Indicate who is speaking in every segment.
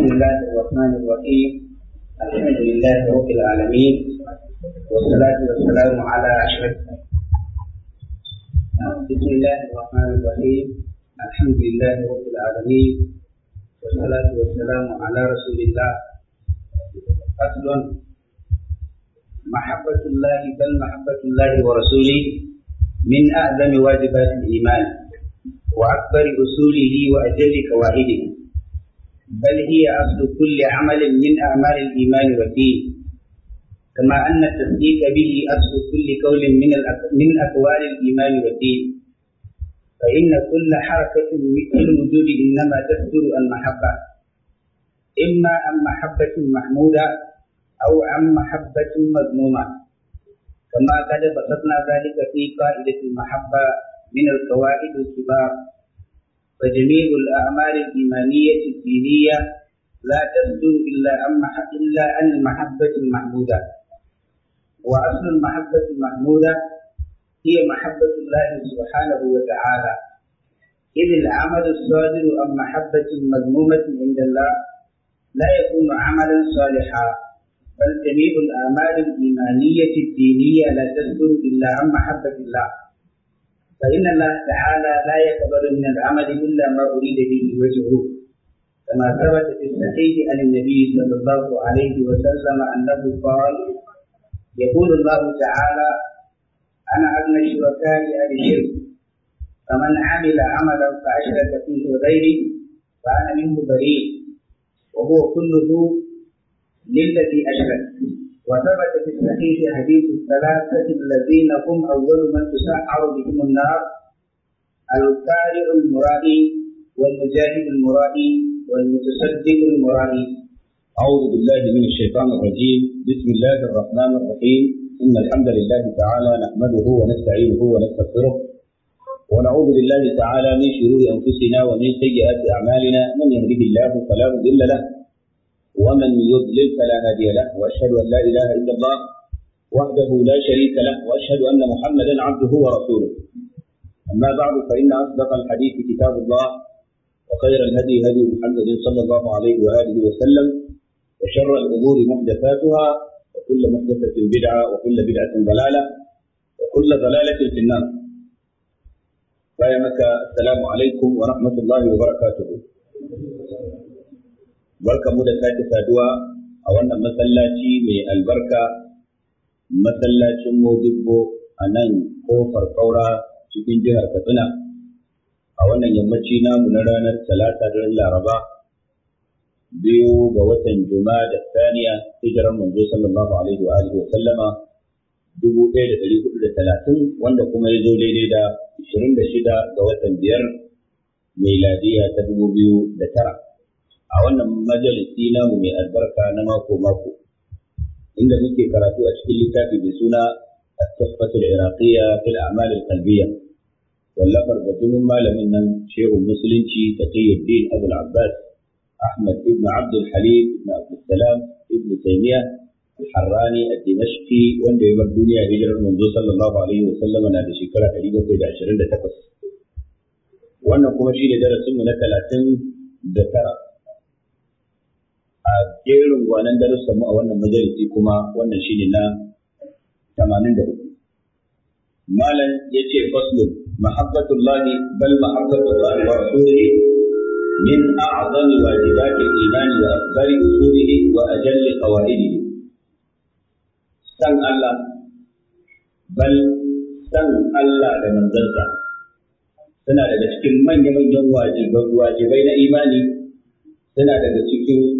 Speaker 1: بسم الله الرحمن الرحيم الحمد لله رب العالمين والصلاة والسلام على أشرف بسم الله الرحمن الرحيم الحمد لله رب العالمين والصلاة والسلام على رسول الله فصل محبة الله بل محبة الله ورسوله من أعظم واجبات الإيمان وأكبر أصوله وأجل قواعده بل هي أصل كل عمل من أعمال الإيمان والدين كما أن التصديق به أصل كل قول من من أقوال الإيمان والدين فإن كل حركة من الوجود إنما تصدر المحبة إما عن محبة محمودة أو عن محبة مذمومة كما قد بسطنا ذلك في قاعدة المحبة من القواعد الكبار فجميع الأعمال الإيمانية الدينية لا تبدو إلا عن إلا عن المحبة المحمودة وأصل المحبة المحمودة هي محبة الله سبحانه وتعالى إذ العمل الصادر عن محبة مذمومة عند الله لا يكون عملا صالحا بل جميع الأعمال الإيمانية الدينية لا تصدر إلا عن محبة الله فإن الله تعالى لا يقبل من العمل إلا ما أريد به وجهه كما ثبت في الصحيح عن النبي صلى الله عليه وسلم أنه قال يقول الله تعالى أنا أغنى الشركاء عن الشرك فمن عمل عملا فأشرك فيه غيري فأنا منه بريء وهو كله للذي أشرك وثبت في الصحيح حديث الثلاثة الذين هم أول من تسعر بهم النار القارئ المرائي والمجاهد المرائي والمتصدق المرائي أعوذ بالله من الشيطان الرجيم بسم الله الرحمن الرحيم إن الحمد لله تعالى نحمده ونستعينه ونستغفره ونعوذ بالله تعالى من شرور أنفسنا ومن سيئات أعمالنا من يهده الله فلا مضل له ومن يضلل فلا هادي له واشهد ان لا اله الا الله وحده لا شريك له واشهد ان محمدا عبده ورسوله اما بعد فان اصدق الحديث كتاب الله وخير الهدي هدي محمد صلى الله عليه واله وسلم وشر الامور محدثاتها وكل محدثه بدعه وكل بدعه ضلاله وكل ضلاله في النار فيا السلام عليكم ورحمه الله وبركاته mu da sake saduwa a wannan masallaci mai albarka masallacin mojibbo a nan kofar kaura cikin jihar katsina a wannan yammaci namu na ranar talata da laraba biyu ga watan Juma da saniya hijiran manzo sallallahu alaihi wa alihi wa sallama dubu ɗaya da ɗari hudu da talatin wanda kuma ya zo daidai da ashirin da shida ga watan biyar miladiya ta dubu biyu da tara a wannan majalisi namu mai albarka na mako mako inda muke karatu a cikin littafi mai suna التحفة العراقية في الأعمال القلبية واللفر بجمع malamin nan شيخ musulunci تقي الدين أبو العباس أحمد بن عبد الحليم بن عبد السلام بن تيمية الحراني الدمشقي wanda ya bar duniya hijirar manzo sallallahu alaihi wa sallama na da shekara 728 wannan kuma shi ne darasin mu na 39 a jerin wannan darussan mu a wannan majalisi kuma wannan shine na 83 malam yace faslun mahabbatullahi bal mahabbatullahi wa rasulihi min a'zami wajibati al-iman wa akbari usulihi wa ajalli qawaidihi san Allah bal san Allah da manzansa suna daga cikin manya-manyan wajibai na imani suna daga cikin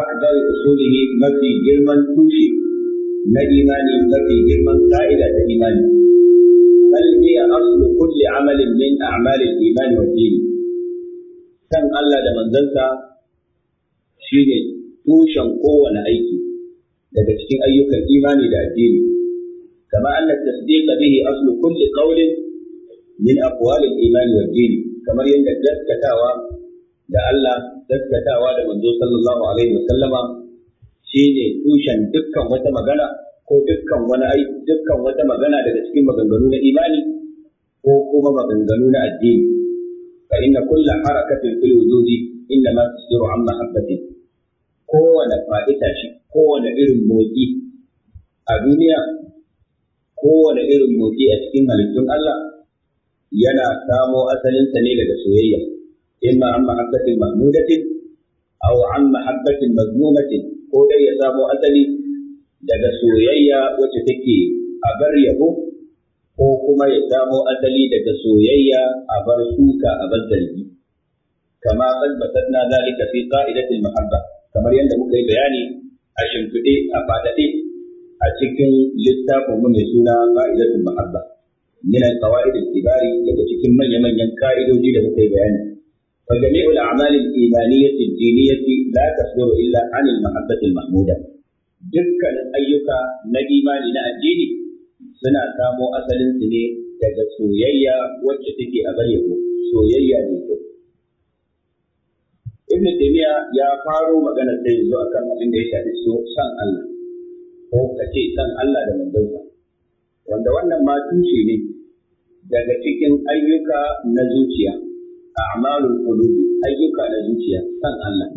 Speaker 1: أقدر أصوله ما في na توشي ما girman ka'ida في imani قائدة إيماني بل هي amalin min عمل من أعمال الإيمان والدين كان Allah da ذنسى shine tushen قوة aiki. daga cikin ayyukan imani da addini kama anna tasdiqa bihi aslu kulli qawlin min aqwali al-iman wa ad kamar yadda gaskatawa da Allah gaskatawa da manzo sallallahu alaihi wa sallama shine tushen dukkan wata magana ko dukkan wani ai dukkan wata magana daga cikin maganganu na imani ko kuma maganganu na addini fa inna kulla harakatin fil wujudi inna ma tasdiru amma habbatin kowane fa'ita shi kowane irin motsi a duniya kowane irin motsi a cikin halittun Allah yana samo asalinsa ne daga soyayya imma an mahabbatin mahmudatin aw an mahabbatin mazmumatin ko dai ya samo asali daga soyayya wacce take a bar yabo ko kuma ya samo asali daga soyayya a bar suka a bar zargi kama kan na zalika fi qa'idatil mahabba kamar yadda muka yi bayani a shimfiɗe a faɗaɗe a cikin littafin mu mai suna qa'idatul mahabba min al-qawaid al-kibari daga cikin manya-manyan ka'idoji da muka yi bayani فجميع الأعمال الإيمانية الدينية لا تصدر إلا عن المحبة المحمودة دكا أيك نجيما لنأجين سنة سامو أسل سنة daga soyayya wacce take a bayyano soyayya ne kyau ibn taymiya ya faro maganar da yanzu akan abin da ya shafi so san Allah ko ce san Allah da manzonsa wanda wannan ma tushe ne daga cikin ayyuka na zuciya a'malul qulubi ayyuka na zuciya san Allah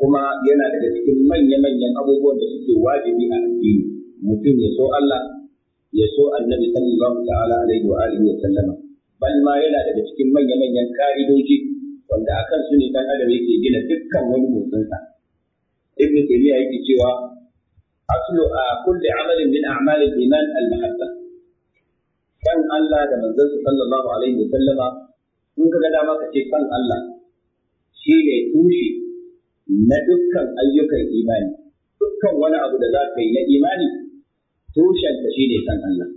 Speaker 1: kuma yana daga cikin manya-manyan abubuwan da suke wajibi a addini mutum ya so Allah ya so annabi sallallahu ta'ala alaihi wa alihi wa sallama bal ma yana daga cikin manya-manyan ka'idoji wanda akan su ne dan adam yake gina dukkan wani motsinsa ibn taymiya yake cewa aslu a kulli amalin min a'malil iman al-mahabba dan Allah da manzon sallallahu alaihi wa sallama in ka gada dama ka ce kan Allah shi ne tushe na dukkan ayyukan imani dukkan wani abu da za ka yi na imani tushen ka shi ne san Allah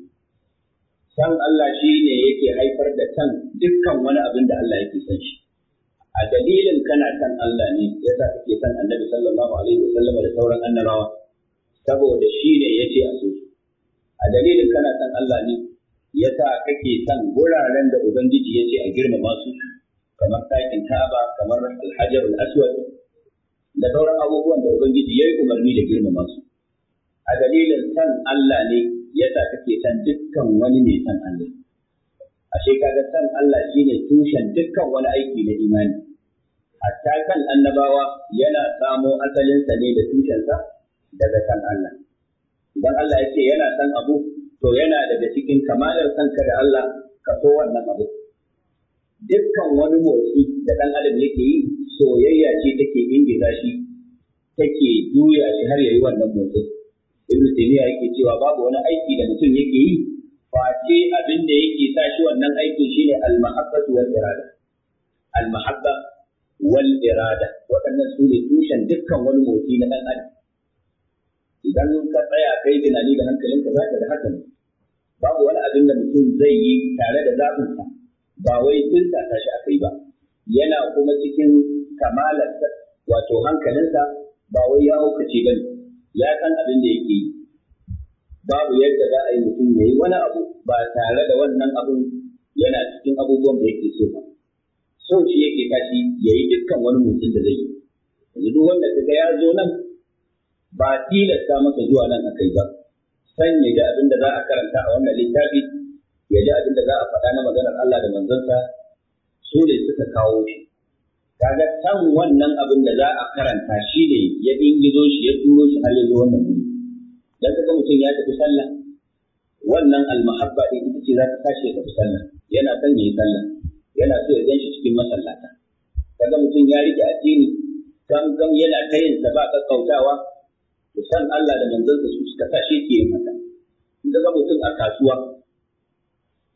Speaker 1: san Allah shi ne yake haifar da san dukkan wani abin da Allah yake san shi a dalilin kana san Allah ne ya sa kake san Annabi sallallahu alaihi wa sallama da sauran annabawa saboda shi ne yace a so a dalilin kana san Allah ne yasa kake son wuraren da ubangiji ya ce a girmama su kamar ɗakin kaba kamar alhajar aswad da sauran abubuwan da ubangiji ya yi umarni da girmama su a dalilin san Allah ne yasa kake son dukkan wani mai san Allah ashe kaga san Allah shine tushen dukkan wani aiki na imani hatta kan annabawa yana samo asalinsa ne da tushensa daga san Allah idan Allah ya ce yana san abu to yana daga cikin kamalar kanka da Allah ka so wannan abu dukkan wani motsi da ɗan adam yake yi soyayya ce take ingiza shi take juya shi har yayi wannan motsin ibnu taymiya yake cewa babu wani aiki da mutum yake yi face abin da yake sa shi wannan aiki shine al-mahabbatu wal irada al-mahabba wal irada waɗannan su ne tushen dukkan wani motsi na ɗan adam idan ka tsaya kai tunani da hankalinka za ka da haka ne babu wani abin da mutum zai yi tare da zaɓinsa ba wai tilsa shi aka yi ba yana kuma cikin kamalarsa wato hankalinsa ba wai ya hukace ba ne ya san abin da yake yi babu yadda za a yi mutum ya yi wani abu ba tare da wannan abun yana cikin abubuwan da yake so ba so shi yake tashi ya yi dukkan wani mutum da zai yi yanzu duk wanda kaga ya zo nan ba tilasta masa zuwa nan akai ba san ya ji abin da za a karanta a wannan littafi ya ji abin da za a faɗa na maganar Allah da manzonsa su ne suka kawo shi kaga san wannan abin da za a karanta shi ne ya ingizo shi ya turo shi har yanzu wannan wuri dan kaga mutum ya tafi sallah wannan almahabba din ita ce za ta tashi ya tafi sallah yana son ya yi sallah yana so ya gan shi cikin masallata kaga mutum ya rike addini gam gam yana ta yin sa ba kakkautawa to san Allah da manzonsa su suka tashi ke yin in ga mutum a kasuwa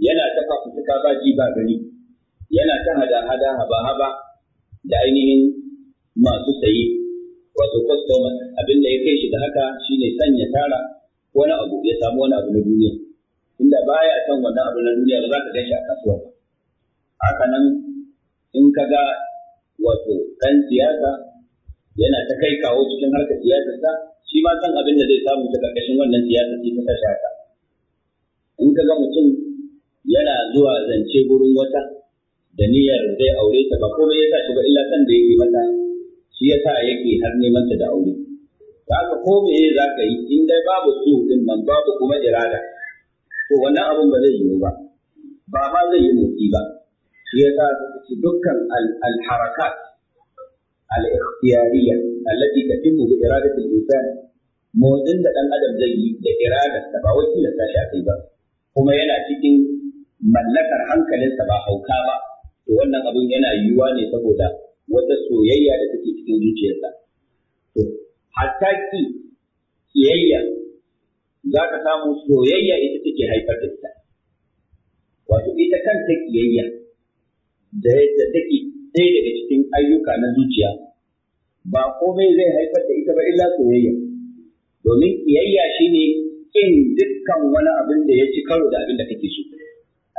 Speaker 1: yana ta fafutuka ba ji ba gani yana ta hada-hada haba-haba da ainihin masu saye wato customer abin da ya kai shi da haka shine sanya tara wani abu ya samu wani abu na duniya inda baya san wannan abu na duniya ba za ka shi a kasuwa ba haka nan in ka ga wato ɗan siyasa yana ta kai kawo cikin harkar siyasarsa shi ma san abin da zai samu ta ƙarƙashin wannan siyasa ce ta tashi haka in ka ga mutum yana zuwa zance gurin wata da niyyar zai aure ta ba komai ya sa shi ba illa kan da yake mata shi ya sa yake har neman ta da aure haka ko me za ka yi in dai babu su din nan babu kuma irada to wannan abin ba zai yiwu ba ba ma zai yi motsi ba shi ya sa su ce dukkan al-harakat al-ikhtiyariyya allati tatimu bi iradati al-insan motsin da dan adam zai yi da iradar ta ba wakilan ta shi akai ba kuma yana cikin mallakar hankalinsa ba hauka ba to wannan abin yana yiwuwa ne saboda wata soyayya da take cikin zuciyarsa to hatta ki kiyayya za ka samu soyayya ita take haifar da ita wato ita kanta kiyayya da yadda take ɗaya daga cikin ayyuka na zuciya ba komai zai haifar da ita ba illa soyayya domin kiyayya shine kin dukkan wani abin da ya ci karo da abin da kake so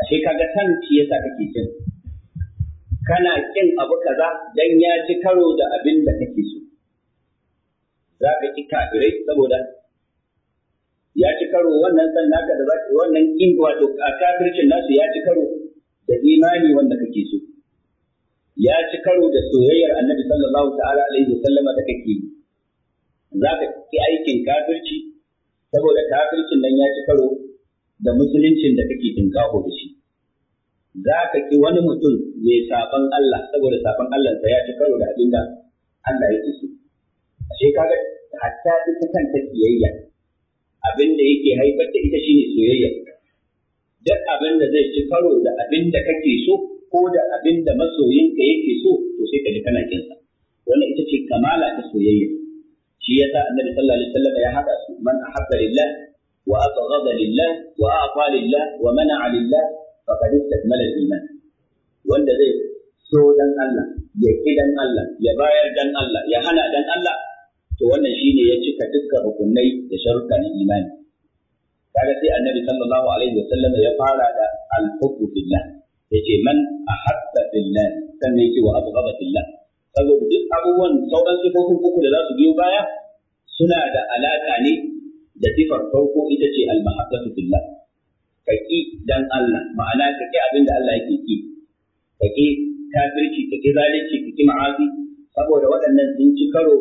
Speaker 1: ashe kaga san shi yasa kake kin kana kin abu kaza dan ya ci karo da abin da kake so za ka ki kafirai saboda ya ci karo wannan san naka da zaki wannan kin wato kafircin nasu ya ci karo da imani wanda kake so ya ci karo da soyayyar annabi sallallahu ta'ala alaihi wasallama da kake yi za ka ki aikin kafirci saboda kafircin nan ya ci karo da musuluncin da kake tinkaho da shi za ka ki wani mutum mai saban Allah saboda saban Allah sa ya ci karo da abin da Allah ya yake A ashe kaga hatta ita kanta kiyayya abin da yake haifar da ita shine soyayya duk abin da zai ci karo da abin da kake so ko da abin da masoyinka yake so to sai ka ji kana kinsa wannan ita ce kamala ta soyayya shi yasa annabi sallallahu alaihi wasallam ya haɗa من أحب لله وأبغض لله وأعطى لله ومنع لله فقد استكمل الإيمان وأنت زي so dan Allah ya ki dan Allah ya bayar dan Allah ya hana dan Allah to wannan shi ne ya cika dukkan rukunai da sharuɗa na imani kaga sai annabi sallallahu alaihi wa wasallam ya fara da al-hubbu billah ce man ahabba billah sannan yace wa abghadha billah saboda duk abubuwan sauran sifofin uku da za su biyo baya suna da alaƙa ne da sifar farko ita ce al-mahabbatu billah kaki dan Allah ma'ana kaki abin da Allah yake ki kaki kafirci kaki zalunci kaki ma'asi saboda waɗannan sun ci karo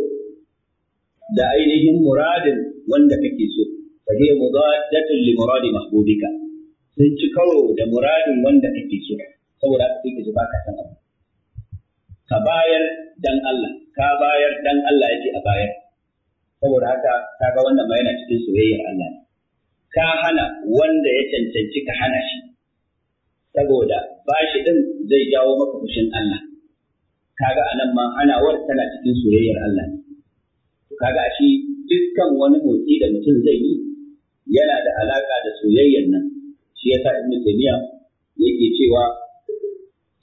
Speaker 1: da ainihin muradin wanda kake so kaje mudadatun li muradi mahbubika sun ci karo da muradin wanda kake so saboda haka sai ka baka san abu ka bayar dan Allah ka bayar dan Allah yake a bayar saboda haka ga wannan ma yana cikin soyayyar Allah ka hana wanda ya cancanci ka hana shi saboda ba shi din zai jawo maka fushin Allah kaga anan ma hanawar tana cikin soyayyar Allah kaga shi dukkan wani motsi da mutum zai yi yana da alaka da soyayyar nan shi yasa Ibn Taymiyyah yake cewa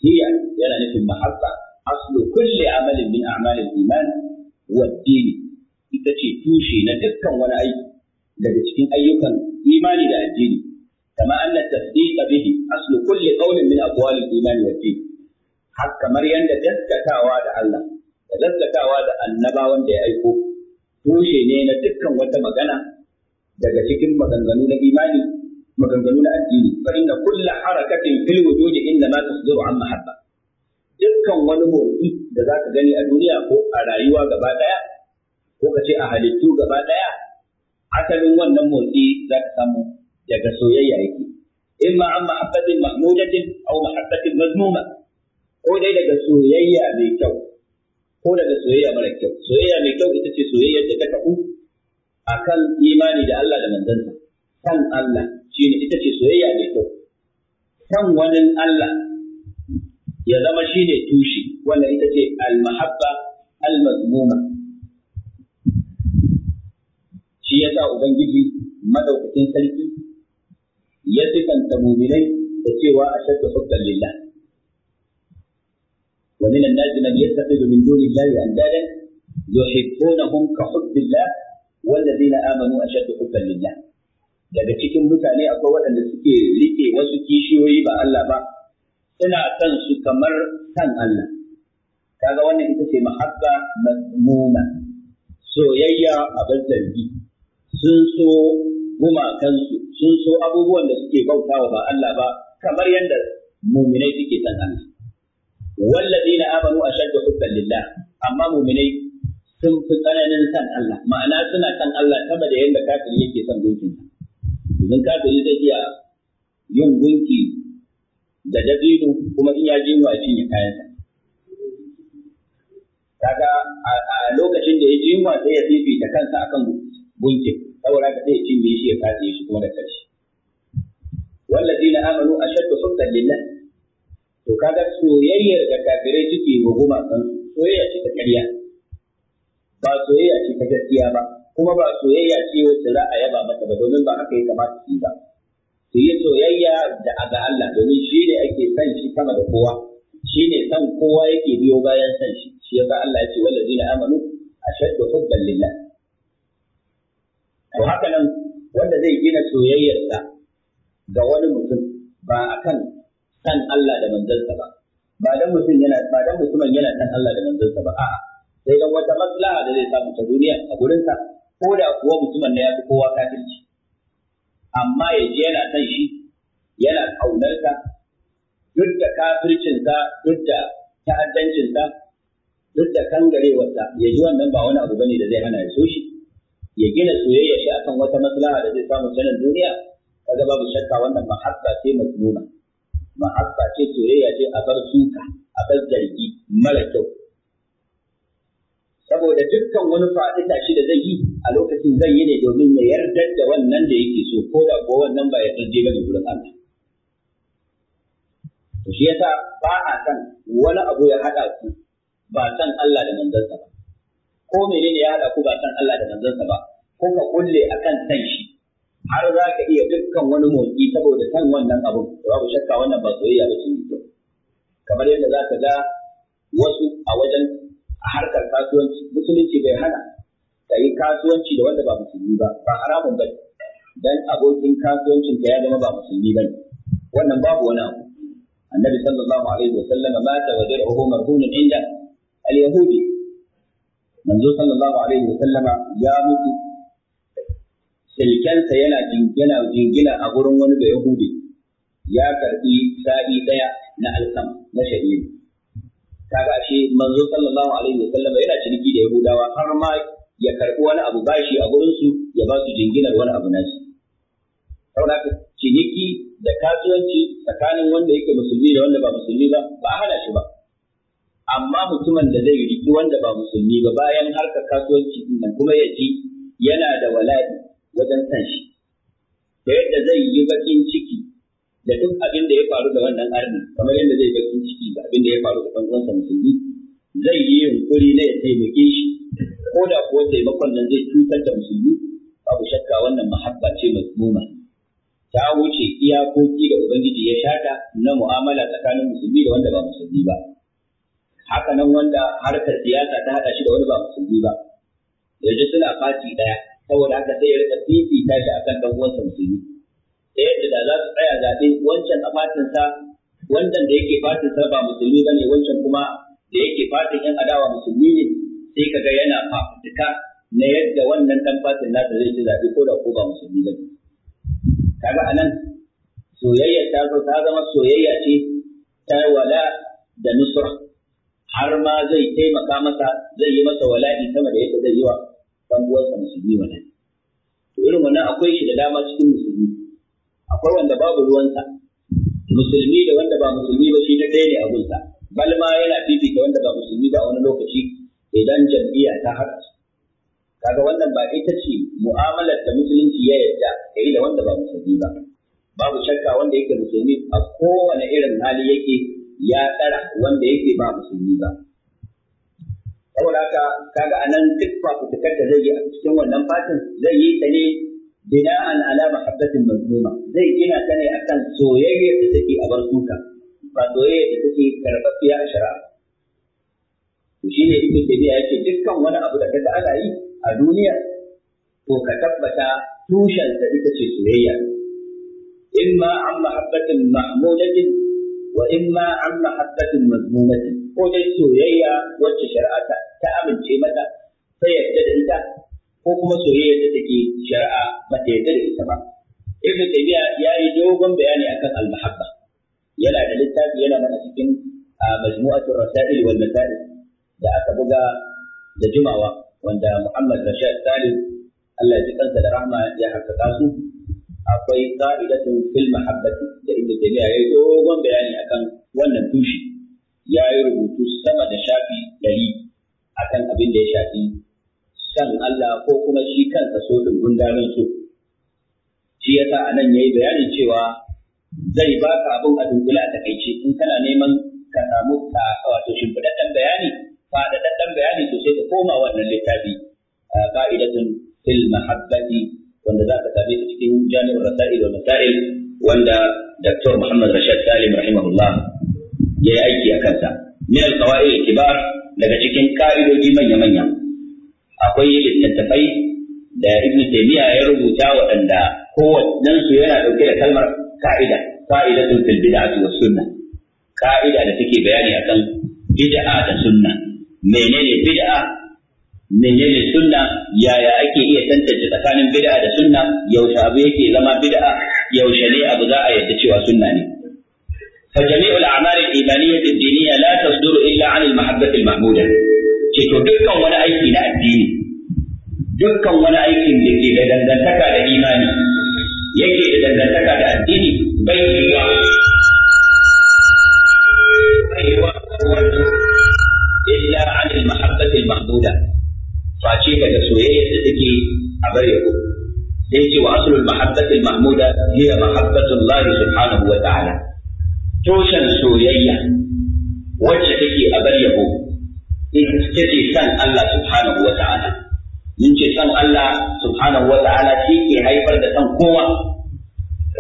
Speaker 1: hiya yana nufin mahabba aslu kulli amalin min a'malil iman wa ad-din ita ce tushe na dukkan wani aiki daga cikin ayyukan imani da addini kama anna tasdiqa bihi aslu kulli qawlin min aqwali al-iman wa din har kamar yanda gaskatawa da Allah da gaskatawa da annaba wanda ya aiko tushe ne na dukkan wata magana daga cikin maganganu na imani maganganu na addini fa inna kulla harakatin fil wujudi inna ma tasdiru an mahabba dukkan wani motsi da zaka gani a duniya ko a rayuwa gaba daya ko ka ce a halittu gaba ɗaya asalin wannan motsi za ka samu daga soyayya yake ma an mahabbatin mahmudatin aw mahabbatin mazmuma ko dai daga soyayya mai kyau ko daga soyayya mara kyau soyayya mai kyau ita ce soyayya da ta a kan imani da Allah da manzansa san Allah shi ne ita ce soyayya mai kyau san wani Allah ya zama shine tushe wannan ita ce al-mahabba al-mazmuma shi ya yasa ubangiji madaukakin sarki ya sifanta muminai da cewa a ashaddu hubban lillah wa min an-nas man yattakhidhu min duni llahi andadan yuhibbunahum ka hubbillah wallazina amanu ashaddu hubban lillah daga cikin mutane akwai waɗanda suke rike wasu kishiyoyi ba Allah ba suna son su kamar kan Allah kaga wannan ita ce mahabba mazmuma soyayya a abin zargi sun so gumakansu sun so abubuwan da suke bautawa ba Allah ba kamar yadda muminai suke san Allah wallazina amanu ashaddu hubban lillah amma muminai sun fi tsananin san Allah ma'ana suna san Allah sama da yadda kafiri yake san gunkin idan kafiri zai iya yin gunki da dabino kuma in ya je wa kayan kayansa kaga a lokacin da ya ji yunwa sai ya fifita kansa akan gunkin saboda ka zai cin shi ya katse shi kuma da ƙarshe wallazina amanu ashaddu hubban lillah to kaga soyayyar da kafirai suke wa gumakan soyayya ce ta ƙarya ba soyayya ce ta gaskiya ba kuma ba soyayya ce wacce za a yaba mata ba domin ba haka ya kamata su yi ba su yi soyayya da ga Allah domin shi ne ake san shi sama da kowa shi ne san kowa yake biyo bayan san shi shi yasa Allah ya ce wallazina amanu ashaddu hubban lillah to haka nan wanda zai gina soyayyarsa ga wani mutum ba akan san Allah da manzansa ba ba dan mutum yana ba dan mutumin yana san Allah da manzansa ba a'a sai dan wata maslaha da zai samu ta duniya a sa ko da kuwa mutumin ne ya fi kowa kafirci amma ya ji yana san shi yana kaunarsa duk da kafircinsa duk da ta'addancinsa duk da kangarewarsa ya ji wannan ba wani abu bane da zai hana ya so shi ya gina soyayya shi akan wata maslaha da zai samu sanin duniya kaga babu shakka wannan mahabba ce mazmuna mahabba ce soyayya ce a bar suka a bar zargi mara kyau saboda dukkan wani faɗi shi da zai yi a lokacin zai yi ne domin ya yarda da wannan da yake so ko da ko wannan ba ya tsaje ba ne gurin Allah to shi yasa ba a san wani abu ya hada su, ba san Allah da manzansa ba ko menene ya haɗa ku ba san Allah da manzansa ba ko ka kulle akan san shi har za ka iya dukkan wani motsi saboda san wannan abun to babu shakka wannan ba soyayya ba ce kamar yadda za ka ga wasu a wajen harkar kasuwanci musulunci bai hana ka yi kasuwanci da wanda ba musulmi ba ba haramun ba dan abokin kasuwancin ka ya zama ba musulmi ba wannan babu wani abu annabi sallallahu alaihi wa sallama mata wa dir'uhu marhunun inda al-yahudi manzo sallallahu alaihi wa sallama ya mutu silkensa yana jingina jingina a gurin wani da yahudi ya karbi sa'i daya na alkam na shahidi kaga ashe manzo sallallahu alaihi wa sallama yana ciniki da yahudawa har ma ya karbi wani abu bashi a gurin su ya ba su jinginar wani abu na shi. saboda ciniki da kasuwanci tsakanin wanda yake musulmi da wanda ba musulmi ba ba a hana shi ba amma mutumin da zai riki wanda ba musulmi ba bayan harka kasuwanci din nan kuma ya ji yana da wala'i wajen san shi da yadda zai yi bakin ciki da duk abin da ya faru da wannan arni kamar yadda zai bakin ciki da abin da ya faru da ɗan musulmi zai yi yunkuri na ya taimake shi ko da kuwa taimakon nan zai cutar da musulmi babu shakka wannan mahabba ce mazmuma ta wuce iyakoki da ubangiji ya shata na mu'amala tsakanin musulmi da wanda ba musulmi ba haka nan wanda harkar siyasa ta haɗa shi da wani ba musulmi ba yanzu suna fati ɗaya saboda haka sai ya rika ta shi akan ɗan uwansa musulmi ta yadda da za su tsaya zaɓe wancan a fatinsa wancan da yake fatinsa ba musulmi ba ne wancan kuma da yake fatin yan adawa musulmi ne sai kaga yana fafutuka na yadda wannan dan fatin nasa zai ci zaɓe ko da ko ba musulmi ba ne kaga nan, soyayya ta zo ta zama soyayya ce ta wala da nusra har ma zai taimaka masa zai yi masa wala'i sama da yadda zai yi wa dan uwansa musulmi wala'i to irin wannan akwai shi da dama cikin musulmi akwai wanda babu ruwansa musulmi da wanda ba musulmi ba shi ta ɗaya ne a bal ma yana fifita wanda ba musulmi ba a wani lokaci idan jam'iyya ta haɗa su kaga wannan ba ita ce mu'amalar da musulunci ya yarda ya yi da wanda ba musulmi ba babu shakka wanda yake musulmi a kowane irin hali yake ya tsara wanda yake ba musulmi ba saboda haka kaga anan duk fafutukar da zai yi a cikin wannan fatin zai yi ta ne bina'an ala mahabbatin mazmuma zai gina ta ne akan soyayya da take a bar suka ba soyayya da take karɓaɓɓiya a shari'a to shi ne ibnu taymiya yake dukkan wani abu da kaga ana yi a duniya to ka tabbata tushen ita ce soyayya In ma an mahabbatin mahmudatin wa imma an mahabbatin mazmumati ko dai soyayya wacce shari'a ta amince mata ta yarda da ita ko kuma soyayya da take shari'a ba ta yarda da ita ba ibnu taymiya ya yi dogon bayani akan Allah mahabba yana da littafi yana da cikin majmu'atul rasail wal masail da aka buga da jimawa wanda Muhammad Rashid Salim Allah ya ji kansa da rahma ya haƙƙaƙa su akwai qa'idatu fil mahabbati da ibnu taymiya yayi dogon bayani akan wannan tushe ya yi rubutu sama da shafi ɗari akan abin da ya shafi san Allah ko kuma shi kansa so din gundarin so shi yasa anan yayi bayani cewa zai baka abin a dunkula a takaice in kana neman ka samu ka wato shimfiɗaɗɗen bayani faɗaɗɗen bayani to sai ka koma wannan littafi ka'idatun fil mahabbati wanda za ka same shi cikin jami'ar rasail wa masail wanda Dr. Muhammad Rashid Salim rahimahullah ya yi aiki a kansa min al-qawaid kibar daga cikin ka'idoji manya-manya akwai littattafai da Ibn Taymiya ya rubuta waɗanda kowannen su yana ɗauke da kalmar ka'ida ka'idatun fil bid'ati was sunnah ka'ida da take bayani akan bid'a da sunna menene bid'a menene sunna yaya ake iya tantance tsakanin bid'a da sunna yaushe abu yake zama bid'a yaushe ne abu za a yadda cewa sunna ne fa jami'ul a'mal al-imaniyya ad-diniyya la tasduru illa 'an al-mahabbah al-mahmuda ce to dukkan wani aiki na addini dukkan wani aikin da ke da dangantaka da imani yake da dangantaka da addini bai yiwa bai yiwa illa 'an al-mahabbah al-mahmuda face ka da soyayya da take a bar yabo sai ce wa aslul mahabbati mahmuda hiya mahabbatu Allah subhanahu wa ta'ala toshan soyayya wacce take a bar yabo ita ce san Allah subhanahu wa ta'ala mun ce san Allah subhanahu wa ta'ala shi ke haifar da san kowa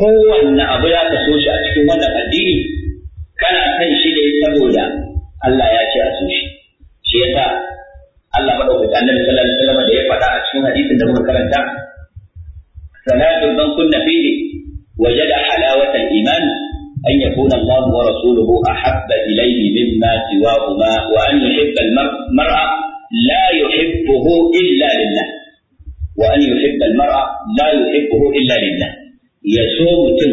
Speaker 1: kowanne abu ya ka so shi a cikin wannan addini kana san shi ne saboda Allah ya ce a so shi shi yasa Allah madaukakin annabi sallallahu alaihi wasallam da ya faɗa a cikin hadisin da muka karanta salatu man kunna fihi wajada halawatal iman an yakuna Allah wa rasuluhu ahabba ilayhi mimma siwahuma wa an yuhibba al-mar'a la yuhibbuhu illa lillah illa lillah ya so mutum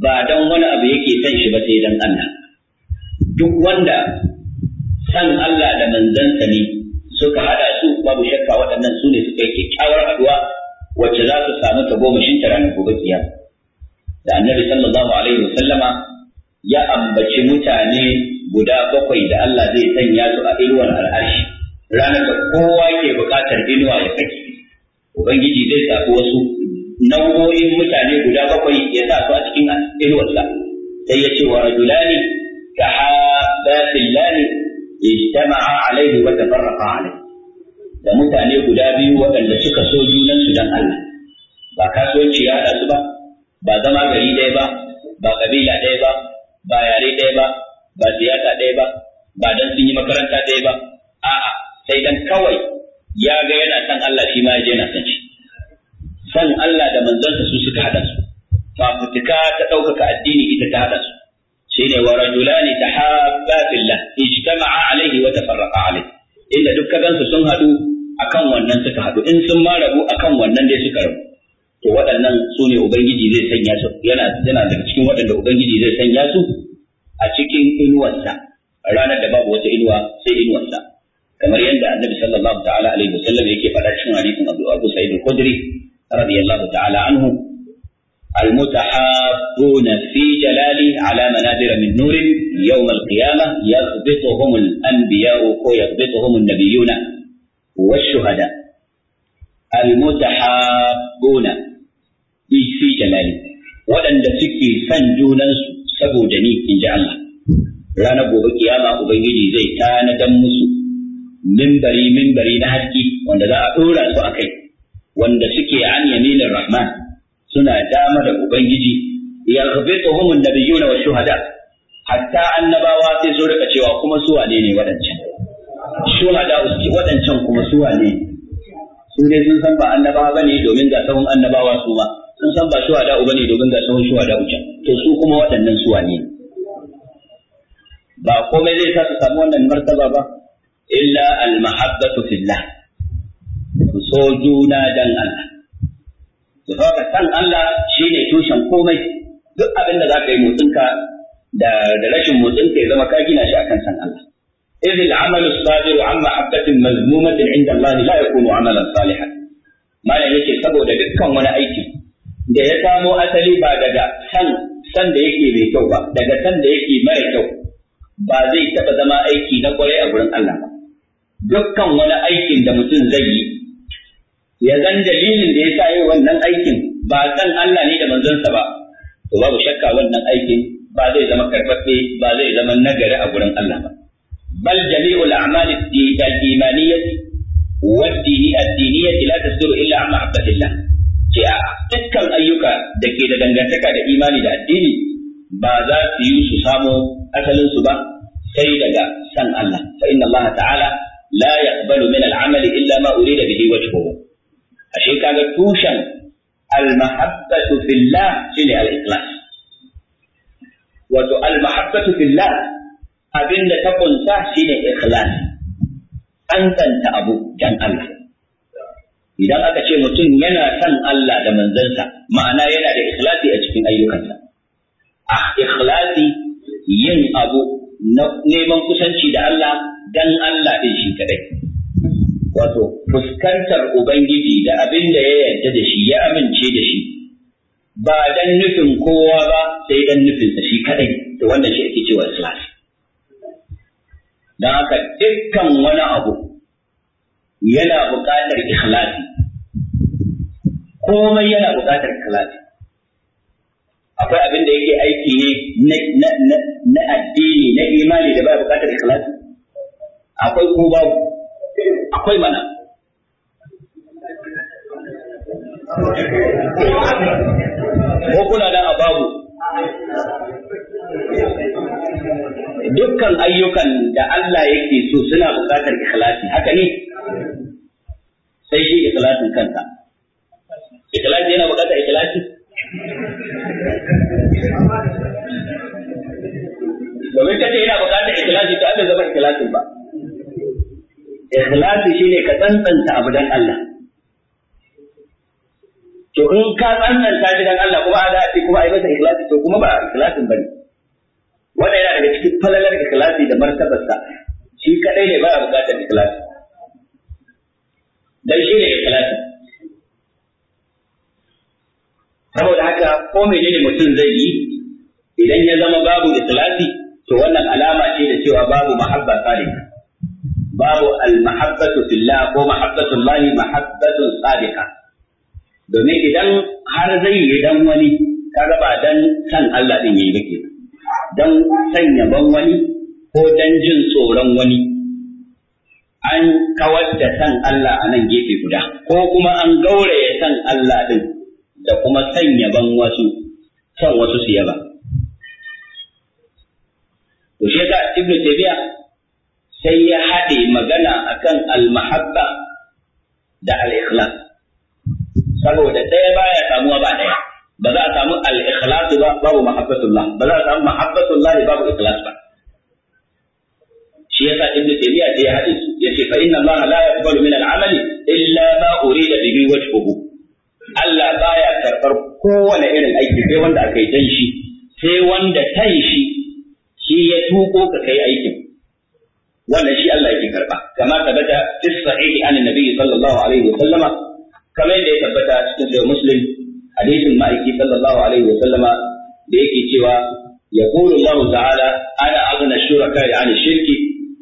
Speaker 1: ba dan wani abu yake son shi ba sai Allah duk wanda san Allah da manzansa ne suka hada su babu shakka waɗannan su ne suka yi kyakkyawar addu'a wacce za su samu tagomashin ta ranar gobe kiyama da annabi sallallahu alaihi sallama ya ambaci mutane guda bakwai da Allah zai sanya su a inuwar al'arshi ranar da kowa ke buƙatar inuwa ya kake ubangiji zai zaɓi wasu nau'o'in mutane guda bakwai ya sa su a cikin inuwarsa sai ya ce wa rajulani ka ha ba fillahi ijtama'a alaihi wa tafarraqa alaihi da mutane guda biyu waɗanda suka so junansu don Allah ba kasuwanci ya haɗa su ba ba zama gari ɗaya ba ba ƙabila ɗaya ba ba yare ɗaya ba ba siyasa ɗaya ba ba don sun yi makaranta ɗaya ba a'a sai dan kawai ya ga yana son Allah shi ma yana san shi san Allah da manzansa su suka haɗa su fafutuka ta ɗaukaka addini ita ta haɗa su ne wa rajulani tahabba fillah ijtama'a alaihi wa tafarraqa alaihi inda duk gansu sun haɗu akan wannan suka haɗu in sun ma rabu akan wannan dai suka rabu to waɗannan su ne ubangiji zai sanya su yana yana daga cikin waɗanda ubangiji zai sanya su a cikin inuwarsa ranar da babu wata inuwa sai inuwarsa kamar yadda annabi sallallahu ta'ala alaihi wasallam yake faɗa cikin hadisin Abu Abu Sa'id al-Khudri radiyallahu ta'ala anhu المتحابون في جلالي على منابر من نور يوم القيامة يغبطهم الأنبياء ويغبطهم النبيون والشهداء المتحابون في Waɗanda suke تكي junansu saboda جني إن جاء الله ranar gobe kiyama Ubangiji zai tana tanadan musu mimbari mimbari na haske wanda za a ɗora su a kai wanda suke an yaminin rahman suna dama da Ubangiji ya rufe tsohon nabiyuna wa shuhada hatta annabawa sai sun rika cewa kuma su wane waɗancan shuhada uski waɗancan kuma su ne sun dai sun san ba annabawa ne domin ga sahun annabawa su ba sun san ba shuhada uba ne domin ga sahun shuhada uca to su kuma waɗannan su ne ba komai zai sa su samu wannan martaba ba illa al-mahabbatu fillah su so juna dan Allah su haka san Allah shine tushen komai duk abin da za ka yi motsinka da rashin motsinka ya zama ka gina shi akan san Allah إذ العمل الصادر عن محبة مذمومة عند الله لا يكون عملا صالحا ما yake saboda dukkan wani aiki da ya samo asali ba daga san san da yake mai kyau ba daga san da yake mara kyau ba zai taɓa zama aiki na kwarai a gurin Allah ba dukkan wani aikin da mutum zai yi ya zan dalilin da ya sayi yi wannan aikin ba san Allah ne da manzonsa ba to babu shakka wannan aikin ba zai zama karfafe ba zai zama nagari a gurin Allah ba بل جميع الأعمال الإيمانية والدينية لا تصدر إلا عن محبة الله ce a dukkan ayyuka da ke da dangantaka da imani da addini ba za su yi su samo asalinsu ba sai daga san Allah fa inna Allah ta'ala la yaqbalu min al-amali illa ma urida bihi wajhuhu ashe tushen al-mahabbatu fillah al wato al-mahabbatu abin da ta kunsa shine ikhlas tsantsanta abu dan Allah idan aka ce mutum yana son Allah da manzansa ma'ana yana da ikhlasi a cikin ayyukansa a ikhlasi yin abu neman kusanci da Allah dan Allah din shi kadai wato fuskantar ubangiji da abin da ya yarda da shi ya amince da shi ba dan nufin kowa ba sai dan nufin shi kadai to wannan shi ake cewa ikhlasi don haka dukkan wani abu yana buƙatar ikhlasi komai yana buƙatar ikhlasi akwai abin da yake aiki ne na addini na imani da ba buƙatar ikhlasi akwai ko babu akwai mana ko kuna da a babu Dukkan ayyukan da Allah yake so suna buƙatar ikhlasi haka ne? Sai shi ikhlasin kanka. Ikhlasi yana buƙatar ikhlasi? Domin kace yana buƙatar ikhlasi to Allah zama ikhlasin ba. Ikhlasi shine ka tsantsanta abu Allah. to in ka tsannan ta shi dan Allah kuma ada ce kuma ai masa ikhlasi to kuma ba ikhlasin bane wanda yana daga cikin falalar ikhlasi da sa, shi kadai ne ba bukatar ikhlasi dan shi ne ikhlasi saboda haka ko menene mutum zai yi idan ya zama babu ikhlasi to wannan alama ce da cewa babu mahabba salihah babu al-mahabbatu fillah ko mahabbatu Allah mahabbatu sadiqah domin idan har zai yi dan wani kaga ba dan san Allah din yayi ba dan sanya ban wani ko dan jin tsoron wani an kawar da san Allah a nan gefe guda ko kuma an gauraya san Allah din da kuma sanya ban wasu san wasu su yaba to shi yasa ibnu sai ya haɗe magana akan al-mahabba da al-ikhlas saboda ɗaya baya samuwa ba ɗaya ba za a samu al-ikhlasu ba babu mahabbatullah ba za a samu mahabbatullah babu ikhlas ba shi yasa ibnu taymiya sai ya hade su yace fa inna allaha la yaqbalu min al-amali illa ma urida bihi wajhuhu Allah baya karɓar kowane irin aiki sai wanda aka yi dan shi sai wanda tan shi shi ya tuko ka kai aikin wannan shi Allah yake Kamar kama tabbata fi sahihi an nabi sallallahu alaihi wa sallama kamar yadda ya tabbata cikin sahih muslim hadisin ma'aiki sallallahu alaihi wa sallama da yake cewa ya يقول الله تعالى أنا أغنى الشركاء عن الشرك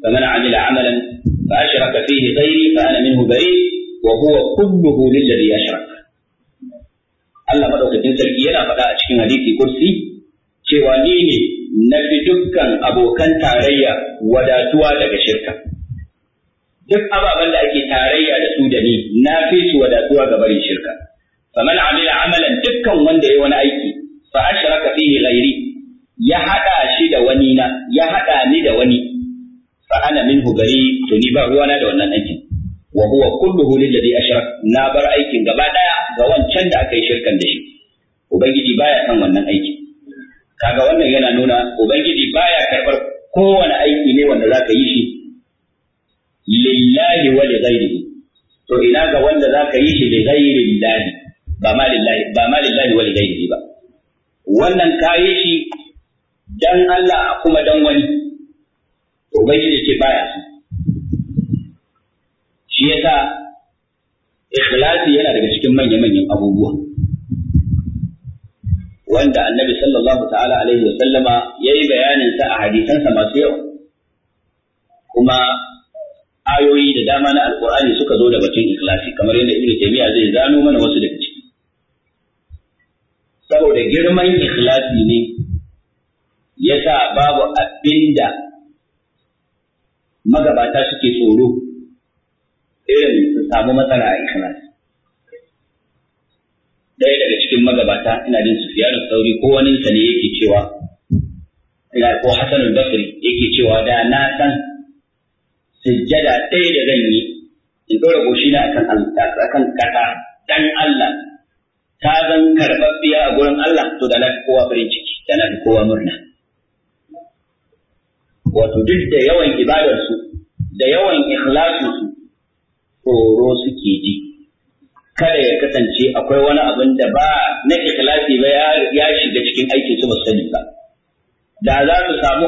Speaker 1: فمن عمل عملا فأشرك فيه غيري فأنا منه بريء وهو كله للذي أشرك Allah madaukakin sarki yana faɗa a cikin hadisi kursi cewa ni ne na fi dukkan abokan tarayya wadatuwa daga shirka. duk ababen da ake tarayya da su da ni na fi su wadatuwa ga barin shirka faman amila amalan dukkan wanda ya wani aiki fa ashraka fihi ghairi ya hada shi da wani na ya hada ni da wani fa ana minhu bari to ni ba ruwana da wannan aikin wa huwa kulluhu lilladhi ashrak na bar aikin gaba daya ga wancan da aka yi shirkan da shi ubangiji baya san wannan aikin kaga wannan yana nuna ubangiji baya karbar kowane aiki ne wanda zaka yi shi lillahi wa li ghairihi to ina ga wanda zaka yi shi li ghairi lillahi ba ma lillahi ba ma lillahi wa li ghairihi ba wannan kayi shi dan Allah kuma dan wani to ubangiji ce baya su shi yasa ikhlasi yana daga cikin manya-manyan abubuwa wanda annabi sallallahu ta'ala alaihi wa sallama yayi bayanin sa a hadisansa masu yawa kuma ayoyi da dama na alkur'ani suka zo da batun ikhlasi kamar yadda ibnu taymiya zai gano mana wasu daga ciki saboda girman ikhlasi ne yasa babu abinda magabata suke tsoro irin su samu matsala a ikhlasi ɗaya daga cikin magabata ina jin sufiyanu sauri ko wani ne yake cewa ko hasanul basri yake cewa da na san sujjada ɗaya da zan yi in ɗora na akan akan ƙasa dan Allah ta zan karɓaɓɓiya a gurin Allah to da na fi kowa farin ciki da na fi kowa murna wato duk da yawan ibadarsu da yawan ikhlasinsu tsoro suke ji kada ya kasance akwai wani abin da ba na ikhlasi ba ya shiga cikin aikin su ba sani ba da za su samu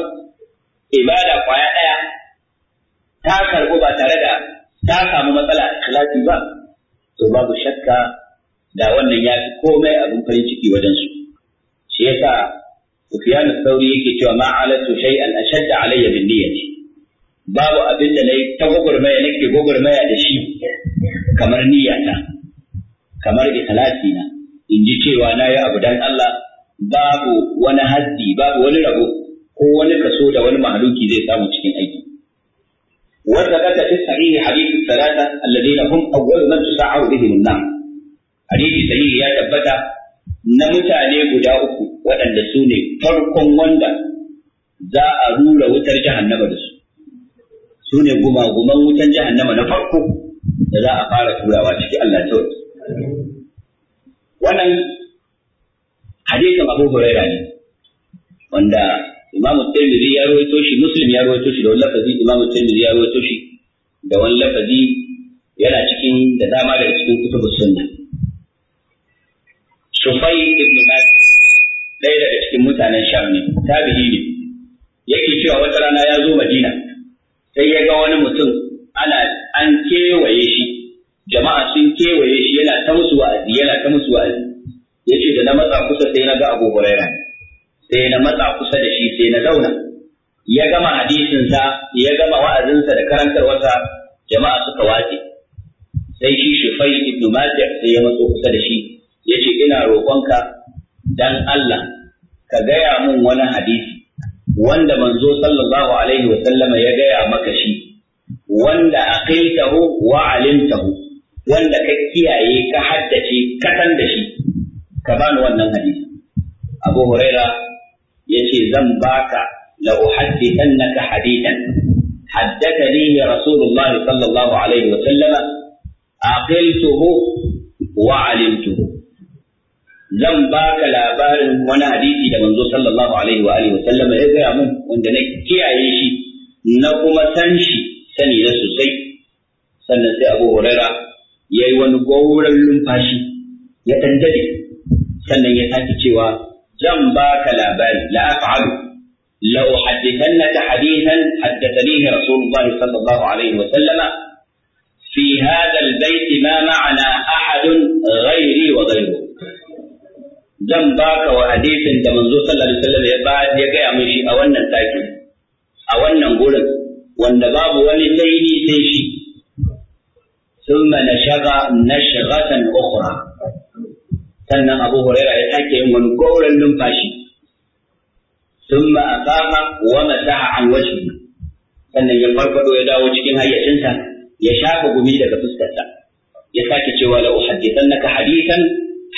Speaker 1: ibada kwaya ɗaya ta karɓo ba tare da ta samu matsala a ikhlasi ba to babu shakka da wannan ya fi komai abin farin ciki wajen su shi yasa Sufyan al-Thawri yake cewa ma sosai shay'an ashadda alayya bin niyyati babu abin da nayi ta gogurmaya nake gogurmaya da shi kamar niyyata kamar ikhlasi na in ji cewa na yi abu dan Allah babu wani haddi babu wani rabo ko wani kaso da wani mahaluki zai samu cikin aiki وثبت في الصحيح حديث الثلاثة الذين هم أول من تسعر بهم النار حديث صحيح يا تبتا نمتاني guda uku waɗanda su ne farkon wanda za a rura wutar jahannama da su su ne guma-guman wutan jahannama na farko da za a fara turawa ciki Allah ta wannan hadisin Abu Hurairah ne wanda imam tirmidhi ya rawaito shi muslim ya rawaito shi da wani lafazi imam tirmidhi ya rawaito shi da wani lafazi yana cikin da dama daga cikin kutubu sunna Sufai ibn Malik ɗaya daga cikin mutanen Sham ne tabi'i ne yake cewa wata rana ya zo Madina sai ya ga wani mutum ana an kewaye shi jama'a sun kewaye shi yana ta musu wa'azi yana ta musu wa'azi yace da na matsa kusa sai na ga Abu Hurairah sai na matsa kusa da shi sai na zauna ya gama hadisinsa ya gama wa'azinsa da karantarwarsa jama'a suka wace sai shi shufai ibnu majah sai ya matso kusa da shi ya ce ina roƙonka dan Allah ka gaya mun wani hadisi wanda manzo sallallahu alaihi wa sallama ya gaya maka shi wanda aqiltahu wa alimtahu wanda ka kiyaye ka haddace ka san da shi ka bani wannan hadisi Abu Huraira yace zan baka la uhaddithannaka hadithan haddathani rasulullahi sallallahu alaihi wa sallama aqiltuhu wa alimtuhu zan baka labarin wani hadisi da manzo sallallahu alaihi wa alihi wa sallama ya gaya mun wanda na kiyaye shi na kuma san shi sani na sosai sannan sai Abu Huraira yayi wani gauran lumfashi ya dandade sannan ya sake cewa zan baka labari la af'alu law hadithannaka hadithan haddathanihi rasulullah sallallahu alaihi wa sallama في هذا البيت ما معنى أحد wa وغيره zan baka wa hadisin da manzo sallallahu alaihi wasallam ya ba ya gaya min shi a wannan taki a wannan gurin wanda babu wani sai ni sai shi summa nashaga nashghatan ukhra sannan Abu Huraira ya sake yin wani goren numfashi a fama wa mata'a an wajhi sannan ya farfado ya dawo cikin hayyacinsa ya shafa gumi daga fuskarsa ya sake cewa la uhaddithannaka hadithan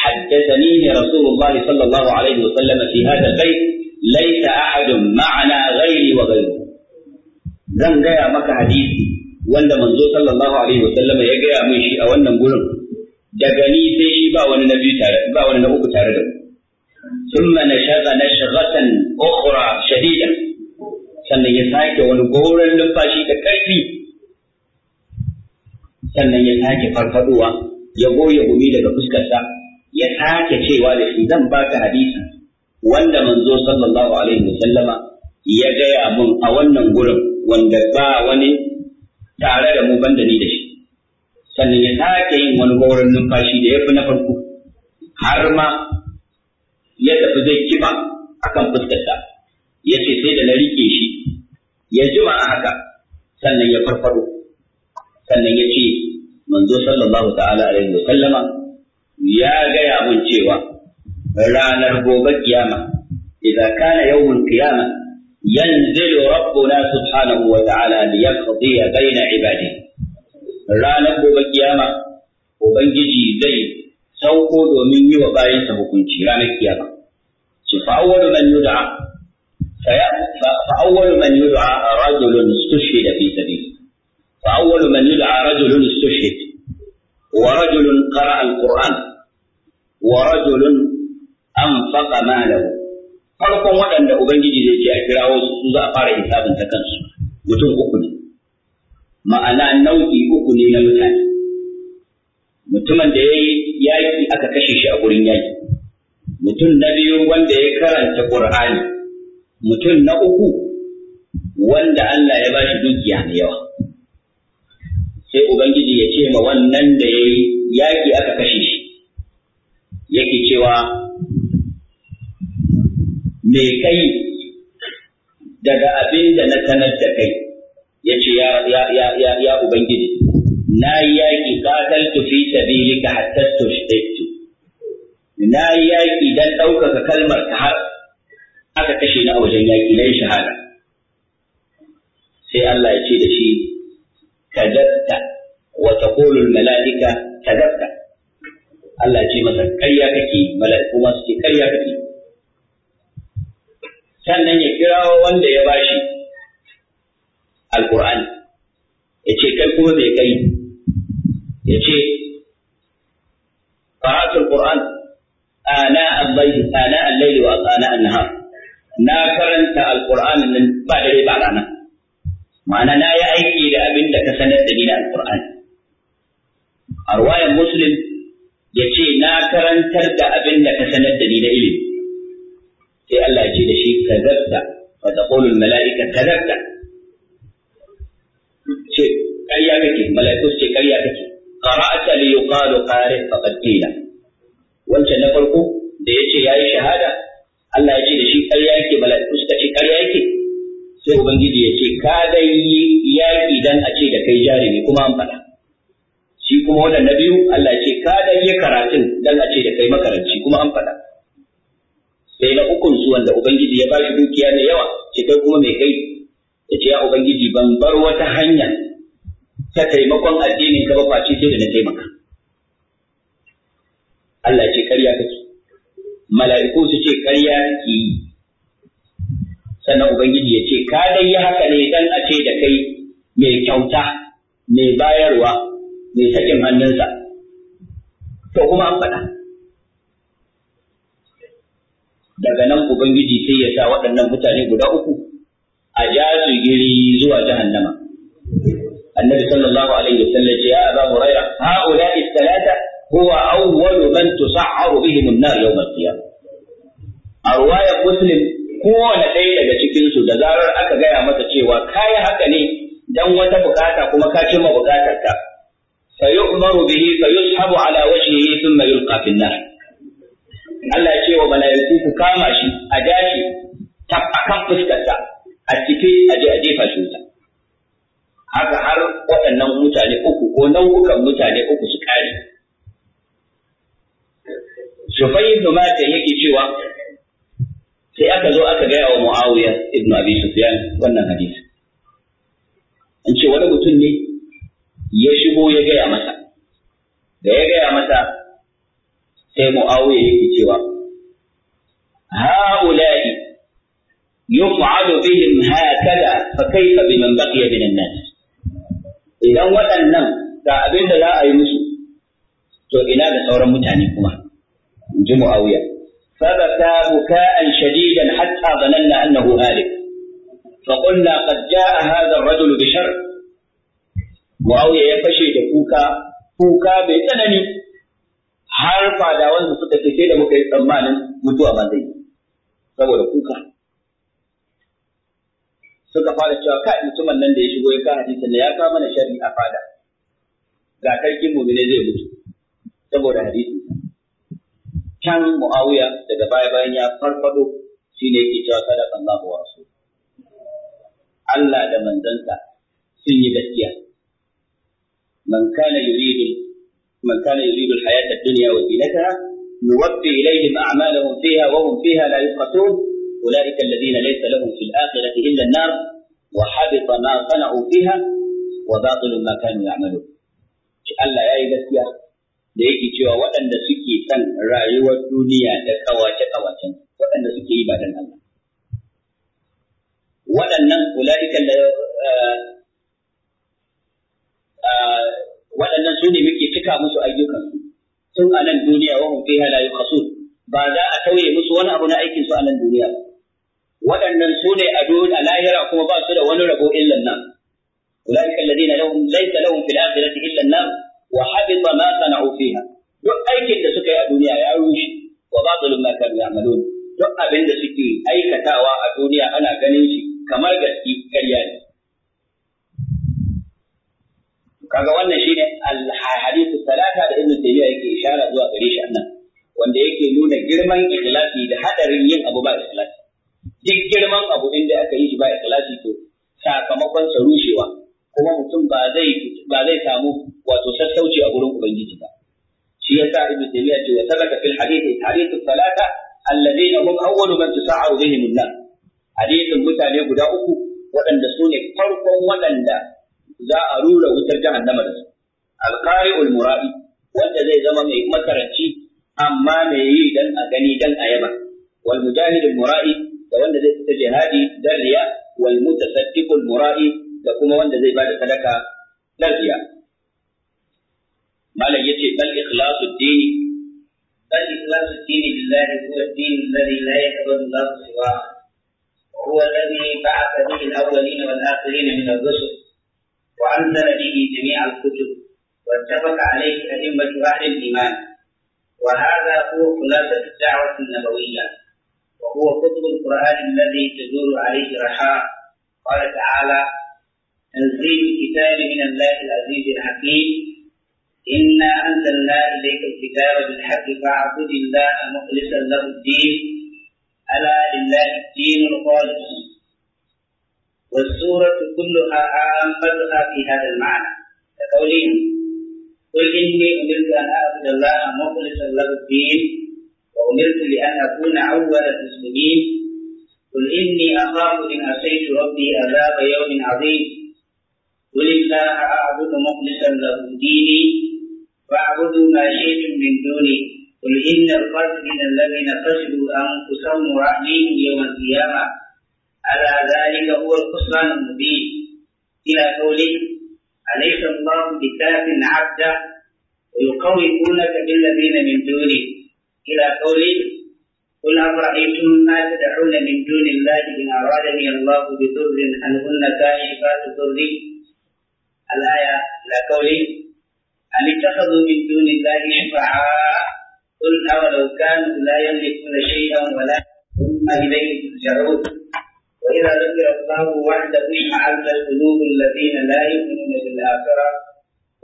Speaker 1: حدثنيه رسول الله صلى الله عليه وسلم في هذا البيت ليس أحد معنا wa وغيره zan gaya maka hadisi wanda manzo sallallahu alaihi wa sallam ya gaya min shi a wannan gurin daga ni sai ba wani na biyu tare ba wani na uku tare da mu ثم نشغ نشغة أخرى شديدة sannan ya sake wani goron numfashi da ƙarfi sannan ya sake farfaduwa ya goye gumi daga fuskarsa ya sake cewa da shi zan baka hadisi wanda manzo sallallahu alaihi wasallama ya gaya mun a wannan gurin wanda ba wani tare da mu banda ni da shi sannan ya sake yin wani gauran numfashi da ya fi na farko har ma ya tafi zai a kan fuskarta, ya ce sai da na rike shi ya jima a haka sannan ya farfado sannan ya ce manzo sallallahu ta'ala a wa sallama ya gaya mun cewa ranar gobe kiyama idan kana kiyama qiyama yanzilu rabbuna subhanahu wa ta'ala liyaqdi baina ibadihi ranar gobe kiyama ubangiji zai sauko domin yi wa bayansa hukunci ranar kiyama su fa'awwalu man yud'a fa'awwalu man yud'a rajulun istushhida fi sabili fa'awwalu man yud'a rajulun istushhid wa rajulun qara'a al wa rajulun anfaqa malahu farkon waɗanda ubangiji zai ce a kirawo su za a fara hisabin ta kansu mutum uku ne ma'ana nau'i uku ne na mutane mutumin da ya yi yaƙi aka kashe shi a gurin yaƙi mutum na biyu wanda ya karanta ƙur'ani mutum na uku wanda Allah ya bashi dukiya mai yawa sai ubangiji ya ce ma wannan da ya yi yaƙi aka kashe shi yake cewa me kai daga abin da na sanar da kai ya ce ya Ubangiji, na yi yaƙi ƙataltu fi sabilika hatta tushdaitu. Na yi yaƙi don ɗaukaka kalmar ka har aka kashe na wajen yaƙi na shahada. Sai Allah ya ce da shi, kazabta wa taqulu al-mala'ika kazabta. Allah ya ce masa ƙarya kake mala'iku ma su ce ƙarya kake. Sannan ya kirawo wanda ya bashi alqur'ani yace kai kuma bai kai yace qara'tu alqur'an ana al-layli ana al-layli wa ana an-nahar na karanta alqur'ani nan ba dare ba rana ma'ana na yi aiki da abin da ka sanar da ni na alqur'ani a ruwayan muslim yace na karantar da abin da ka sanar da ni na ilimi sai Allah ya ce da shi kazabta wa taqulu al-mala'ika kazabta ƙarya kake mala'iku ce karya kake qara'ata li yuqalu qari faqad qila wancan na farko da yace yayi shahada Allah ya ce da shi karya yake mala'iku suka ce karya yake sai ubangiji ya ce ka dai yaƙi dan a ce da kai jarumi kuma an faɗa shi kuma wannan na biyu Allah ya ce ka dai yi karatun dan a ce da kai makaranci kuma an faɗa sai na ukun su wanda ubangiji ya bashi dukiya da yawa ce kai kuma mai kai ya ce ya ubangiji ban bar wata hanya ta taimakon addinin ka ba ce sai da na taimaka Allah ce ƙarya kake mala'iku su ce ƙarya ki? yi sannan ubangiji ya ce ka dai yi haka ne dan a ce da kai mai kyauta mai bayarwa mai sakin hannunsa to kuma an faɗa daga nan ubangiji sai ya sa waɗannan mutane guda uku a ja zuwa giri zuwa jahannama annabi sallallahu alaihi wasallam ya aba huraira haula thalatha huwa awwal man tusahharu bihim an-nar yawm al-qiyamah a ruwayar muslim kowane ɗaya daga cikin su da zarar aka gaya masa cewa kai haka ne dan wata bukata kuma ka cimma bukatarka fayu'maru bihi fayushabu ala wajhihi thumma yulqa fi an-nar Allah ce wa mala'iku ku kama shi a jashi ta akan fuskarsa a cike a je a jefa shi haka har waɗannan mutane uku ko nau'ukan mutane uku su ƙare. Sufai ibn Matan yake cewa sai aka zo aka gaya wa Muawiya ibn Abi Sufyan wannan hadisi. An ce wani mutum ne ya shigo ya gaya masa. Da ya gaya masa sai Muawiya yake cewa هؤلاء يفعل بهم هكذا فكيف بمن بقي من الناس idan waɗannan ga abin da za a yi musu to ina da sauran mutane kuma in ji muawiya فبكى بكاء شديدا حتى ظننا انه هالك فقلنا قد جاء هذا الرجل بشر معاويه ya fashe da kuka kuka bai tsanani har fadawan su suka fice da muka yi tsammanin mutuwa ba zai saboda kuka suka fara cewa kai mutumin nan da ya shigo ya ka hadisin da ya ka mana sharri a fada ga sarkin mu'mini zai mutu saboda hadisi can mu'awiya daga baya bayan ya farfado shi ne yake cewa kada Allah wa rasu Allah da manzansa sun yi gaskiya man kana yuridu man kana yuridu al-hayata ad-dunya wa zinataha nuwaffi ilayhim a'malahum fiha wa hum fiha la yubqatun أولئك الذين ليس لهم في الآخرة إلا النار وحبط ما صنعوا فيها وباطل ما كانوا يعملون Allah ya yi gaskiya da yake cewa waɗanda suke son rayuwar duniya da kawace-kawacen waɗanda suke yi ba don Allah. Waɗannan ula'ikan da waɗannan su ne muke cika musu ayyukansu tun a nan duniya wa hum fiha la yukhasun ba za a tauye musu wani abu na aikin su a nan duniya ba waɗannan su ne a duniya lahira kuma ba su da wani rabo illan nan ulaika alladhina lahum laysa lahum fil akhirati illa an-nar wa habita ma sana'u fiha duk aikin da suka yi a duniya ya rushe wa batilun ma kanu ya'malun duk abin da suke aikatawa a duniya ana ganin shi kamar gaski, ƙarya ne kaga wannan shine al-hadithu salata da Ibn taymiya yake ishara zuwa gare shi annan wanda yake nuna girman ikhlasi da hadarin yin abu ba ikhlasi duk girman abu da aka yi shi ba ikhlasi to sakamakon sa rushewa kuma mutum ba zai ba zai samu wato sassauci a gurin ubangiji ba shi yasa ibnu taymiya ce wa sabaka fil hadith hadith salata alladhina hum awwalu man tasaa'u bihim an hadithin mutane guda uku waɗanda su ne farkon waɗanda za a rura wutar jahannama da su alqari'ul mura'i wanda zai zama mai makaranci amma mai yi dan a gani dan a yaba wal mujahidul mura'i wanda zai fita jihadi dariya riya wal mutasaddiqul mura'i da kuma wanda zai bada sadaka dariya riya yace bal ikhlasu dini bal ikhlasu dini billahi huwa ad-din alladhi la yaqbalu Allah siwah وهو الذي بعث به الاولين والاخرين من الرسل وانزل به جميع الكتب واتفق عليه ائمه اهل الايمان وهذا هو خلاصه الدعوه النبويه وهو كتب القرآن الذي تدور عليه رحاء قال تعالى تنزيل الكتاب من الله العزيز الحكيم إنا أنزلنا إليك الكتاب بالحق فاعبد الله مخلصا له الدين ألا لله الدين الخالص والسورة كلها عامتها في هذا المعنى كقوله قل إني أمرت أن أعبد الله مخلصا له الدين وأمرت لأن أكون أول المسلمين قل إني أخاف إن أتيت ربي عذاب يوم عظيم قل الله أعبد مخلصا له ديني فاعبدوا ما شئتم من دوني قل إن القاتلين الذين خسروا أنفسهم وأهليهم يوم القيامة على ذلك هو الخسران المبين إلى قوله أليس الله بكاف عبده ويقومونك بالذين من دونه إلى قوله قل أفرأيتم ما تدعون من دون الله إن أرادني الله بضر أن هن كاشفات ضري الآية إلى قوله أن اتخذوا من دون الله شفعاء قل أولو كانوا لا يملكون شيئا ولا ثم إليه ترجعون وإذا ذكر الله وحده اشمعت القلوب الذين لا يؤمنون بالآخرة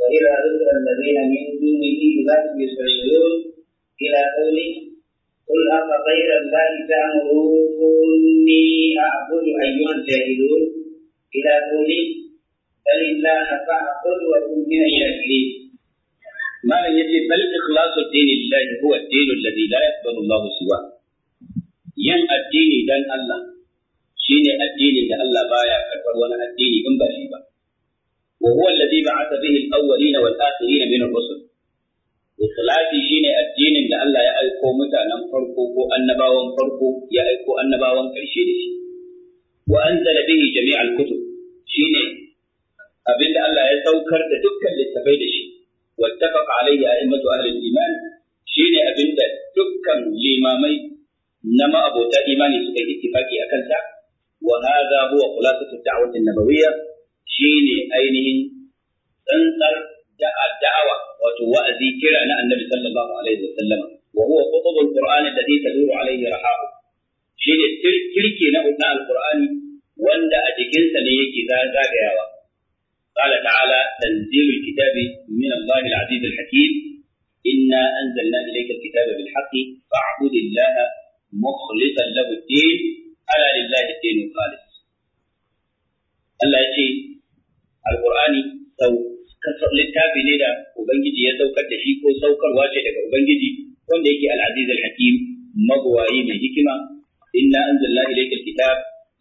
Speaker 1: وإذا ذكر الذين من دونه إذا هم يستشعرون إلى قوله قل أفغير الله تأمروني أعبد أيها الجاهلون إلى قوله بل الله فاعبد وكن من الشاكرين ما لم يجد بل إخلاص الدين لله هو الدين الذي لا يقبل الله سواه ين الدين دان الله شين الدين دان الله بايا أكبر ولا الدين إن بشيبا وهو الذي بعث به الأولين والآخرين من الرسل Ikhlasi shine addinin da Allah ya aiko mutanen farko ko annabawan farko ya aiko annabawan ƙarshe da shi. Wa anzala bihi jami'al kutub shine abinda Allah ya saukar da dukkan littafai da shi. Wattafaq alayhi a'immatu ahli al-iman shine abinda dukkan limamai na ma'abota imani suka yi ittifaqi akan sa. Wa hadha huwa khulasatu ad-da'wati an-nabawiyya shine ainihin tsantsar الدعوة وتوأذي كرع النبي صلى الله عليه وسلم وهو خطب القرآن الذي تدور عليه رحاه شيء تلكي نأتنا القرآن وأن أتكنس ذا زاغيوا قال تعالى تنزيل الكتاب من الله العزيز الحكيم إنا أنزلنا إليك الكتاب بالحق فاعبد الله مخلصا له الدين ألا لله الدين الخالص الله يجي القرآن littafi ne da ubangiji ya saukar da shi ko saukarwa ce daga ubangiji wanda yake al-aziz al-hakim magwayi mai hikima inna anzalna ilayka al-kitab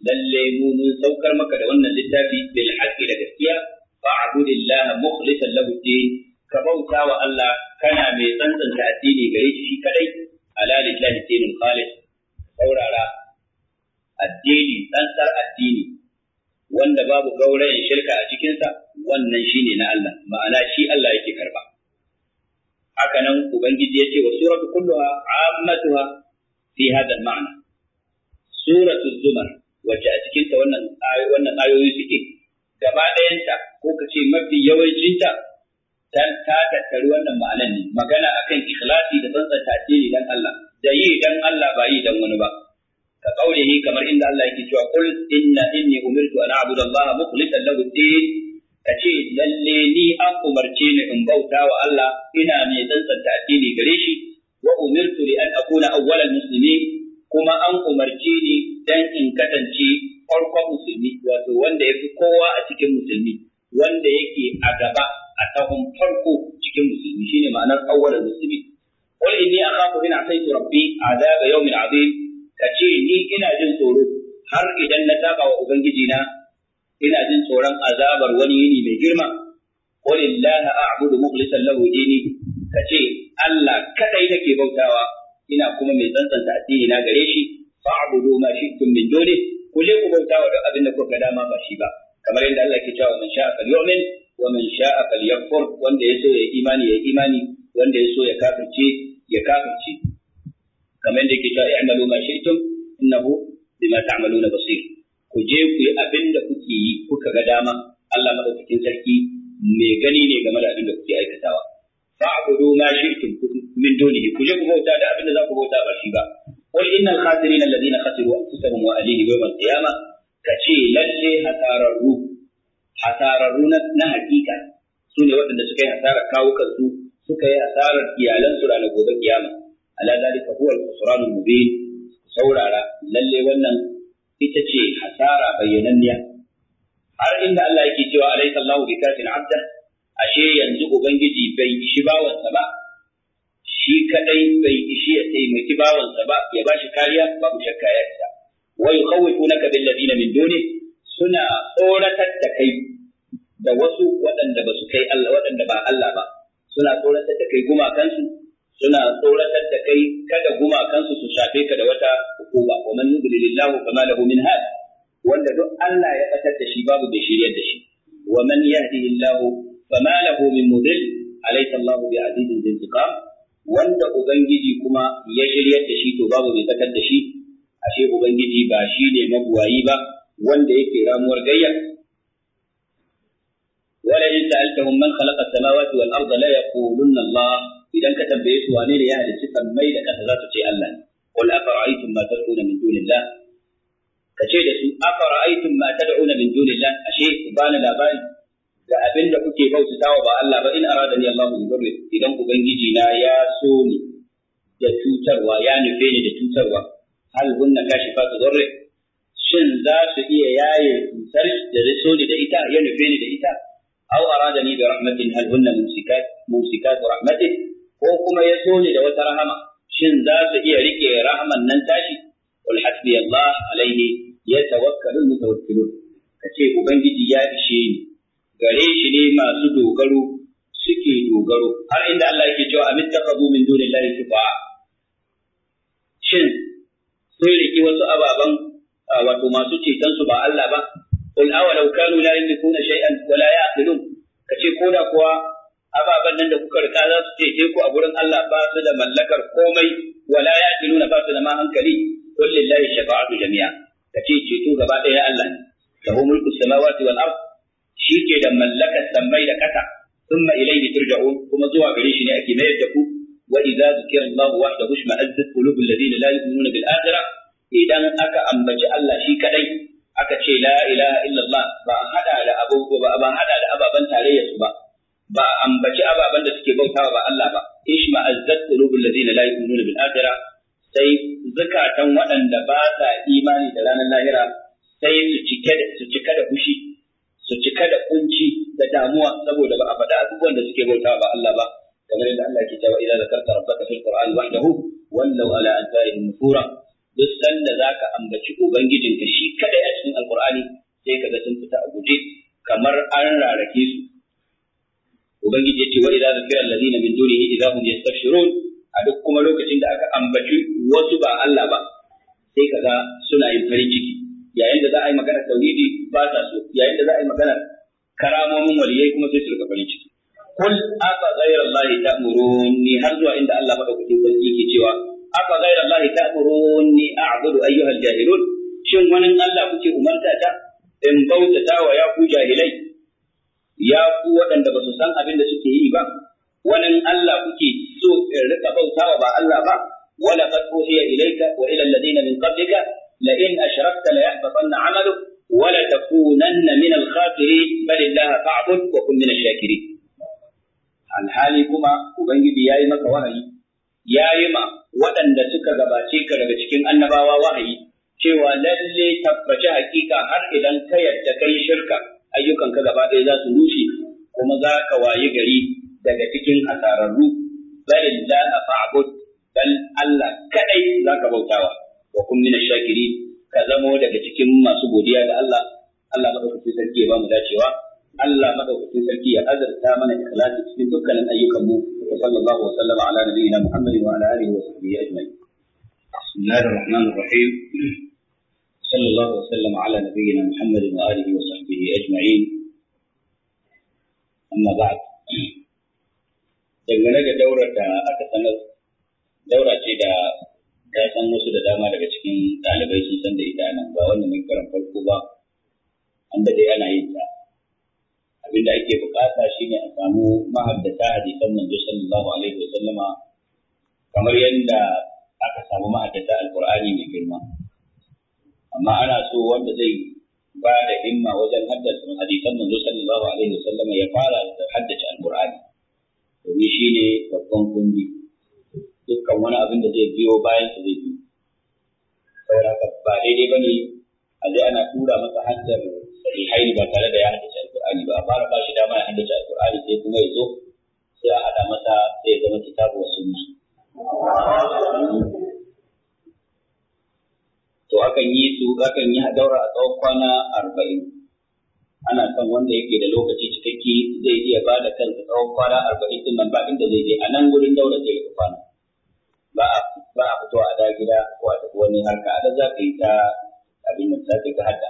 Speaker 1: lalle mu mun saukar maka da wannan littafi bil haqqi da gaskiya fa'budillaha mukhlishan lahu din ka bauta wa Allah kana mai tsantsanta addini gare shi kadai ala lillahi dinul khalis saurara addini tsantsar addini wanda babu gaurayin shirka a cikinsa wannan ne na Allah ma'ana shi Allah yake karba haka nan ubangiji ya ce wa suratu kulluha ammatuha fi hada ma'ana suratul zumar wacce a cikinta wannan wannan ayoyi suke gaba ɗayanta ko ka ce mafi yawancinta dan ta tattaru wannan ma'anan ne magana akan ikhlasi da tsantsanta addini dan Allah da yi dan Allah ba yi dan wani ba ka qaulihi kamar inda Allah yake cewa qul inna inni umirtu an a'budu Allah mukhlishan lahu ad-din kace lallai ni an umarce ni in bauta wa Allah ina mai tsantsanta addini gare shi wa umirtu li an akuna awwalal muslimin kuma an umarci ni dan in kasance farkon musulmi wato wanda yafi kowa a cikin musulmi wanda yake a a tahun farko cikin musulmi shine ma'anar awwalal muslimin qul inni akhafu in asaytu rabbi adhaba yawmin 'azim ka ce ni ina jin tsoro har idan na taka wa ubangiji na ina jin tsoron azabar wani yini mai girma qul a a'budu mukhlishan lahu dini ka ce Allah kadai nake bautawa ina kuma mai tsantsanta addini na gare shi fa'budu ma shi tun min dole ku ku bautawa da abin da kuka dama ba shi ba kamar yadda Allah ke cewa man sha'a falyu'min wa man sha'a falyakfur wanda ya so ya imani ya imani wanda ya so ya kafirce ya kafirce kamar da ke ta i'malu ma shi'tum innahu bima ta'maluna basir ku je ku yi abin da kuke yi kuka ga dama Allah madaukakin sarki mai gani ne game da abin da kuke aikatawa fa'budu ma shi'tum min dunihi ku je ku bauta da abin da za ku bauta ba shi ba qul innal khasirin alladhina khasiru anfusahum wa ahlihim yawm al-qiyamah ce lalle hasararru hasararru na hakika su ne waɗanda suka yi hasarar kawukansu suka yi hasarar iyalansu ranar gobe kiyama ala zalika huwa al-khusran al-mubin saurara lalle wannan ita ce hasara bayyananniya har inda Allah yake cewa alaysa Allahu bikafin abda ashe yanzu ubangiji bai ishi bawansa ba shi kadai bai ishi ya taimaki bawansa ba ya bashi kariya babu shakka ya isa wa yukhawifunaka bil ladina min duni suna tsoratar da kai da wasu waɗanda ba su kai Allah waɗanda ba Allah ba suna tsoratar da kai gumakansu suna tsoratar da kai kada gumakansu su shafe ka da wata hukuma wa man yudlilillahu fama lahu min had wanda duk Allah ya batar da shi babu bai shiryar da shi wa man yahdihillahu fama lahu min mudil alaysa Allahu bi azizin intiqam wanda ubangiji kuma ya shiryar da shi to babu mai batar da shi ashe ubangiji ba shi ne mabuwayi ba wanda yake ramuwar gayya ولئن سألتهم من خلق السماوات والأرض ليقولن الله idan ka tambaye su wane ne ya halicci sammai da ƙasa za su ce Allah ne qul afara'aytum ma tad'una min dunillah ka ce da su afara'aytum ma tad'una min dunillah ashe ku bani labari Ga abin da kuke bautatawa ba Allah ba in arada ni Allahu bi dhurri idan ubangiji na ya so ni da cutarwa ya nufe ni da cutarwa hal hunna kashifatu dhurri shin za su iya yaye cutar da so ni da ita ya nufe ni da ita أو أرادني برحمة هل هن ممسكات ممسكات رحمته ko kuma ya so da wata rahama shin za su iya rike rahaman nan tashi wal hasbi Allah alaihi yatawakkalul Ka kace ubangiji ya ishe ni gare shi ne masu dogaro suke dogaro har inda Allah yake cewa taqabu min dunillahi kifa shin sun riki wasu ababan wato masu ceton su ba Allah ba qul awalau kanu la yamlikuna shay'an wala la ya'qilun kace ko da kuwa ababen nan da kuka rika za su cece ku a gurin Allah ba su da mallakar komai wala ya nuna ba su da ma hankali qul lillahi shafa'atu jami'a kace ceto gaba ɗaya Allah ne lahu mulku samawati wal ard shi ke da mallakar sammai da ƙasa thumma ilayhi turja'un kuma zuwa gare shi ne ake mayar da ku wa idza zukira Allah wahdahu shma'azzat qulubul ladina la yu'minuna bil akhirah idan aka ambaci Allah shi kadai aka ce la ilaha illallah ba hada da abubuwa ba hada da ababen tarayya su ba ba ambaci ababen da suke bautawa ba Allah ba ishma azzat qulubul ladina la yu'minuna bil akhirah sai zakatan waɗanda ba sa imani da ranar lahira sai su cike da su cika da fushi su cika da kunci da damuwa saboda ba a faɗa abubuwan da suke bautawa ba Allah ba kamar yadda Allah ke cewa idan zakarta rabbaka fil qur'an wahdahu wallau ala adbarihim nufura duk sanda zaka ambaci ubangijinka shi kadai a cikin alqur'ani sai kaga sun fita a guje kamar an rarake su ubangiji yace wa idza zikra alladhina min dunihi idza hum yastabshirun a duk kuma lokacin da aka ambaci wasu ba Allah ba sai kaga suna yin farin ciki yayin da za a yi magana tauhidi ba ta so yayin da za a yi magana karamomin waliyai kuma sai su rika farin ciki kul afa ghayra allahi ta'muruni har zuwa inda Allah madaukakin sarki yake cewa afa ghayra allahi ta'muruni a'budu ayyuhal jahilun shin wani Allah kuke umarta ta in bautata wa ya ku jahilai ya ku waɗanda ba su san abin da suke yi ba wannan Allah kuke so in rika bautawa ba Allah ba wala qad uhiya ilayka wa ila alladhina min qablika la in ashrakta la yahbatanna 'amaluk wa la takunanna min al-khasirin bal illaha fa'bud wa kun min ash-shakirin alhali kuma ubangiji yayi maka wahayi yayi ma waɗanda suka gabace ka daga cikin annabawa wahayi cewa lalle tabbaci hakika har idan ka yadda kai shirka ayyukan ka gaba ɗaya za su rushe kuma za ka wayi gari daga cikin asararru balin la fa'bud bal Allah kaɗai za ka bautawa wa kun min shakiri ka zamo daga cikin masu godiya ga Allah Allah madaukakin sarki ya ba mu dacewa Allah madaukakin sarki ya azurta mana ikhlasi cikin dukkanin ayyukanmu mu wa sallallahu wa sallama ala nabiyyina Muhammadin wa ala alihi wa sahbihi ajma'in بسم الله الرحمن الرحيم وصلى الله وسلم على نبينا محمد وآله وصحبه أجمعين أما بعد dangane da daurar da aka sanar daura ce da ta san wasu da dama daga cikin ɗalibai sun san da ita nan ba wanda mai karan farko ba an da dai ana yin ta abinda ake bukata shine a samu mahaddata hadisan manzo sallallahu alaihi wa sallama kamar yadda aka samu mahaddata alqur'ani mai girma amma ana so wanda zai ba da himma wajen haddace hadisan manzo sallallahu alaihi wasallam ya fara da haddace alqur'ani domin shi ne babban kundi dukkan wani abin da zai biyo bayan su zai biyo saboda ba daidai bane a je ana tura masa haddar sahihai ba tare da ya haddace alqur'ani ba a fara ba shi dama ya haddace alqur'ani sai kuma ya zo sai a hada masa sai ya zama kitabu wa sunna to akan yi su akan yi daura a tsawon kwana arba'in ana son wanda yake da lokaci cikakke zai iya ba da kansa tsawon kwana arba'in din nan ba inda zai je a nan gurin daura zai yi kwana ba a ba a fito a da gida ko a tafi wani harka a da za ka yi ta abin da za ka yi ta hadda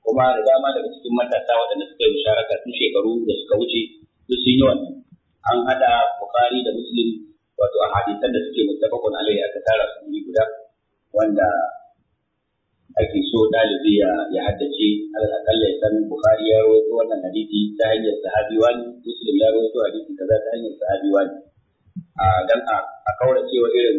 Speaker 1: kuma da dama daga cikin matasa waɗanda suka yi musharaka tun shekaru da suka wuce duk sun yi wannan an haɗa bukari da muslim wato a hadisan da suke mutafakun alaihi aka tara su guda wanda ake so ɗalibi ya haddace alƙalla ya san Bukhari ya rawaito wannan hadisi ta hanyar sahabi wani Muslim ya rawaito hadisi kaza ta hanyar sahabi wani a dan a kaura cewa irin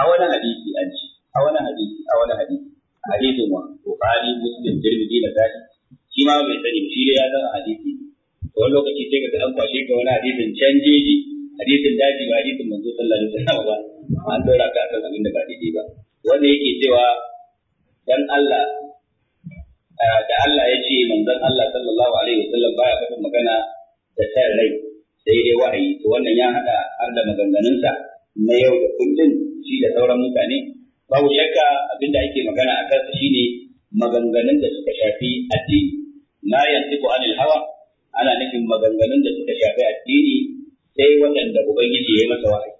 Speaker 1: a wani hadisi an ci a wani hadisi a wani hadisi hadisin wa Bukhari Muslim Tirmidhi da Sahih shi ma bai sani shi ne ya san hadisi to wani lokaci sai ka an kwashe ka wani hadisin canjeji hadisin daji ba hadisin manzo sallallahu alaihi wasallam ba an dora ka akan abin da ba daidai ba wanda yake cewa dan Allah eh, da Allah ya ce manzon Allah sallallahu alaihi wasallam baya faɗin magana da san rai sai dai wahayi to wannan ya hada har da maganganunsa na yau da kullum shi da sauran mutane babu shakka abinda ake magana a kansa shine maganganun da suka shafi addini yanzu ko anil hawa ana nufin maganganun da suka shafi addini sai waɗanda ubangiji ya masa wahayi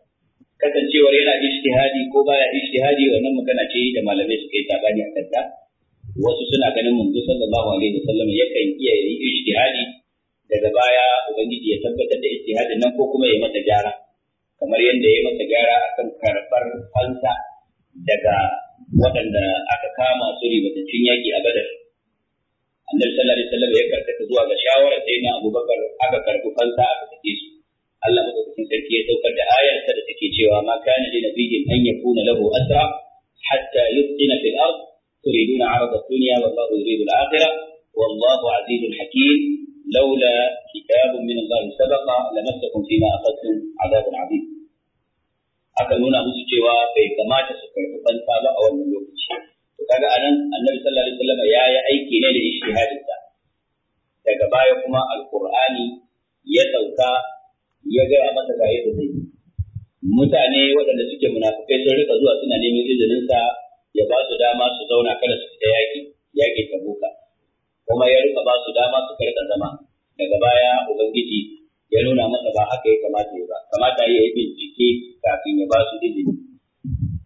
Speaker 1: kasancewar yana ishtihadi ko baya ishtihadi wannan magana ce da malamai suka yi sabani a kanta wasu suna ganin manzo sallallahu alaihi wasallam yakan iya yi ishtihadi daga baya ubangiji ya tabbatar da ishtihadin nan ko kuma ya masa gyara kamar yadda ya mata gyara akan karbar fansa daga waɗanda aka kama su ribatattun yaki a badar annabi sallallahu alaihi wasallam ya karkata zuwa ga shawarar sai na abubakar aka karbi fansa aka sake su Allah madaukakin sarki ya saukar da ayar da take cewa ma kana li nabiyyin an yakuna lahu asra hatta yutqina fil ard turiduna arada dunya wallahu yuridu al akhirah wallahu azizun hakim لولا كتاب من الله سبق لمسكم فيما أخذتم عذاب عظيم aka nuna musu cewa bai kamata su karɓi fansa ba a wannan lokaci to kaga anan annabi sallallahu alaihi wasallam ya yi aiki ne da ijtihadin daga baya kuma alkur'ani ya sauka ya gaya masa ga yadda zai yi mutane waɗanda suke munafukai sun rika zuwa suna neman izinin sa ya ba su dama su zauna kada su fita yaƙi yaƙi ta buka kuma ya rika ba su dama su karka zama daga baya ubangiji ya nuna masa ba haka ya kamata ya ba kamata ya yi bincike kafin ya ba su izini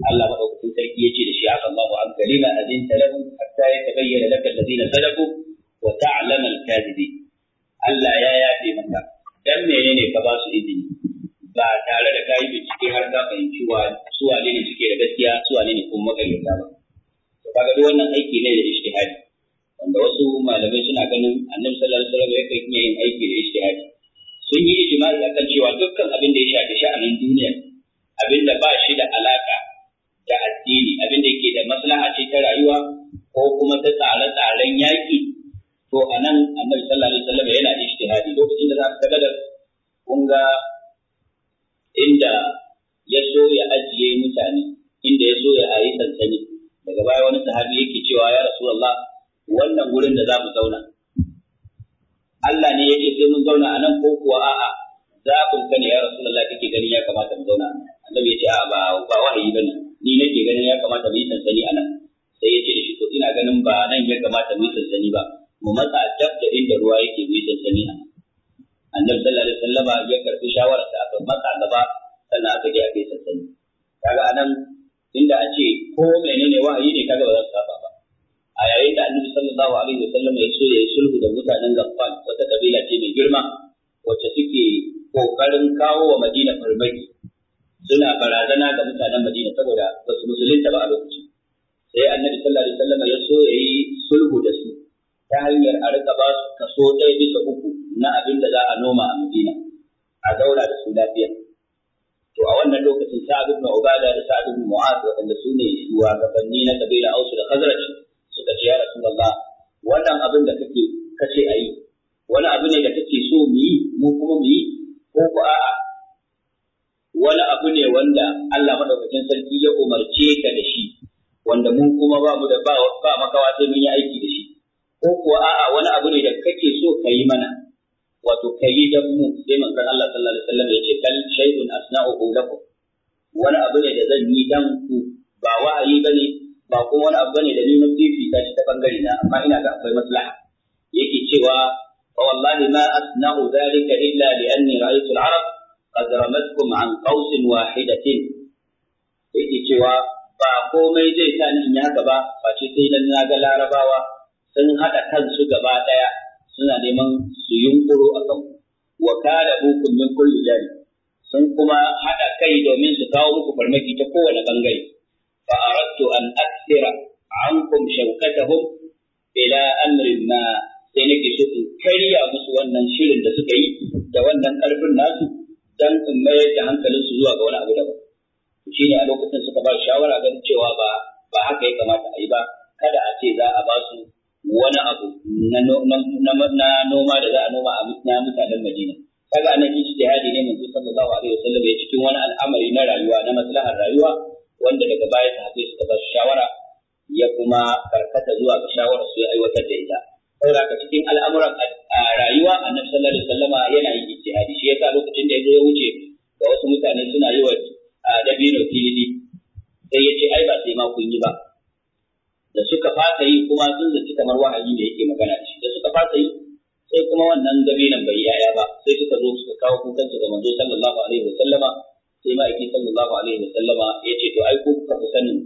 Speaker 1: Allah madaukakin sarki ya ce da shi aka babu an na azin talabu hatta yatabayyana laka alladhina sadaqu wa ta'lama al Allah ya yafe maka dan menene ka ba su izini ba tare da kayi bincike har ka fahimci wa su wane ne suke da gaskiya su wane ne kuma makaryata ba to kaga duk wannan aiki ne da ijtihadi wanda wasu malamai suna ganin annabi sallallahu alaihi wasallam ya kai yin aiki da ijtihadi sun yi ijma'i akan cewa dukkan abin da ya ba komai zai sa ni in yi haka ba ce sai dan na ga larabawa sun haɗa kansu gaba ɗaya suna neman su yunkuro a kan wa kada bukum min kulli jari sun kuma haɗa kai domin su kawo muku farmaki ta kowane bangare fa aradtu an aksira ankum shawkatahum ila amrin ma sai nake so in karya musu wannan shirin da suka yi da wannan ƙarfin nasu dan in mayar da hankalinsu zuwa ga wani abu daban shi ne a lokacin suka ba shawara ganin cewa ba ba haka ya kamata a yi ba kada a ce za a ba su wani abu na noma da za a noma a na mutanen Madina kaga yi ijtihadi ne manzo sallallahu alaihi wasallam ya cikin wani al'amari na rayuwa na maslahar rayuwa wanda daga baya sahabbai suka ba shawara ya kuma karkata zuwa ga shawara su ya aiwatar da ita saboda ka cikin al'amuran rayuwa annabi sallallahu alaihi wasallama yana yin ijtihadi shi yasa lokacin da ya zo ya wuce ga wasu mutane suna yi wa dabino fili sai ya ce ai ba sai ma kun yi ba da suka fasa yi kuma sun zaci kamar wahayi da yake magana shi da suka fasa yi sai kuma wannan dabinan bai yaya ba sai suka zo suka kawo kukan su ga manzo sallallahu alaihi wa sallama sai ma'aiki sallallahu alaihi wa sallama ya ce to ai ko kuka fi sanin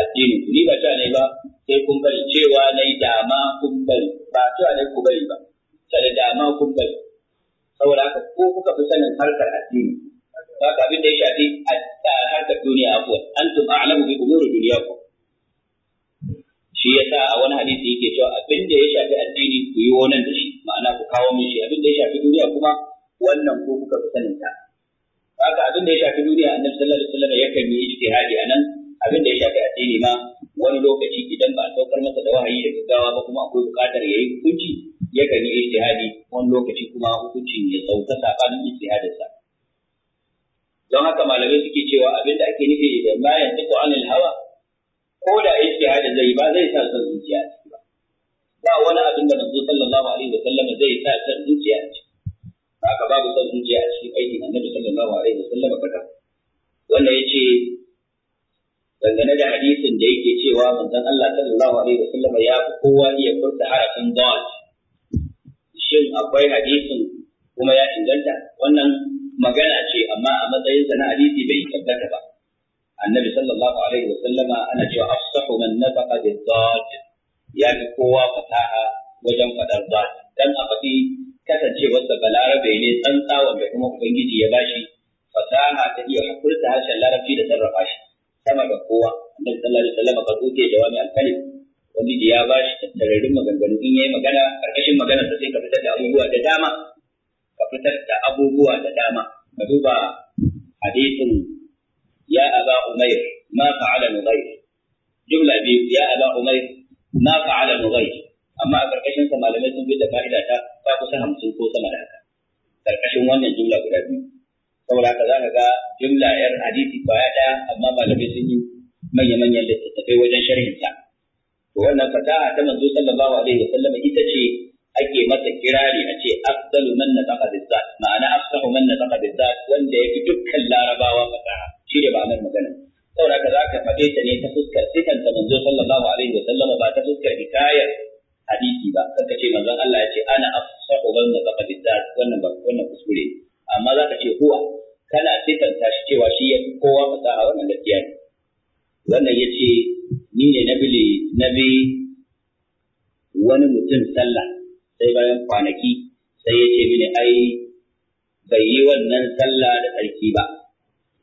Speaker 1: addini ku ni ba ta ne ba sai kun bari cewa na yi dama kun bari ba cewa ne ku bari ba sai da dama kun bari saboda haka ko kuka fi sanin harkar addini ba ka abin da ya shafi a harkar duniya abuwa antum a'lamu bi umuri ku. shi yasa a wani hadisi yake cewa abin da ya shafi addini ku yi wannan da shi ma'ana ku kawo mun shi abin da ya shafi duniya kuma wannan ko kuka fi sanin ta ka abin da ya shafi duniya annabi sallallahu alaihi wasallam yakan yi ijtihadi anan abin da ya shafi addini ma wani lokaci idan ba a saukar masa da wahayi da gaggawa ba kuma akwai buƙatar yayi hukunci yakan yi ijtihadi wani lokaci kuma hukuncin ya sauka sabanin ijtihadinsa don haka malamai suke cewa abin da ake nufi da bayan ta anil hawa ko da hada zai ba zai sa san zuciya a ciki ba ba wani abin da manzo sallallahu alaihi wa sallam zai sa san zuciya a ciki haka babu san zuciya a cikin aikin annabi sallallahu alaihi wa sallam kaka wanda yace dangane da hadisin da yake cewa manzon Allah sallallahu alaihi wa sallam ya fi kowa iya furta harafin dawa. shin akwai hadisin kuma ya inganta wannan magana ce amma a matsayin sa na hadisi bai tabbata ba annabi sallallahu alaihi wa sallama ana cewa afsahu man nafaqa bid ya ga kowa fasaha wajen fadar dad dan a faɗi kasancewarsa balarabe ne tsantsa wanda kuma ubangiji ya bashi fasaha ta iya hakurta harshen larabci da sarrafa shi sama da kowa annabi sallallahu alaihi wa sallama ka tsoke jawami al-kalim ubangiji ya bashi tattararrun maganganu in yayi magana karkashin magana sai ka fitar da abubuwa da dama fitar da abubuwa da dama ka duba hadisin ya aba umair ma fa'ala nughayr jumla biyu ya aba umair ma fa'ala nughayr amma a karkashin sa malamai sun da fa'ida ta ta kusa hamsin ko sama da haka karkashin wannan jumla guda biyu saboda haka zaka ga jumla yar hadisi baya daya amma malamai sun yi manya-manyan littattafai wajen sharhin sa to wannan fasaha ta manzo sallallahu alaihi wasallam ita ce ake masa kirari a ce afdalu man nataqa bizzat ma'ana afsahu man nataqa bizzat wanda yafi dukkan larabawa fasaha shi ne ma'anar magana saboda haka zaka faɗe ta ne ta fuskar sitan ta manzo sallallahu alaihi wa sallama ba ta fuskar hikayar hadisi ba ka ce manzon Allah ya ce ana afsahu man nataqa bizzat wannan ba wannan kuskure amma zaka ce huwa kana sitanta shi cewa shi ya kowa fasaha wannan gaskiya ne wannan yace ni ne na bi wani mutum sallah sai bayan kwanaki sai ya ce mini ai bai yi wannan sallah da tsarki ba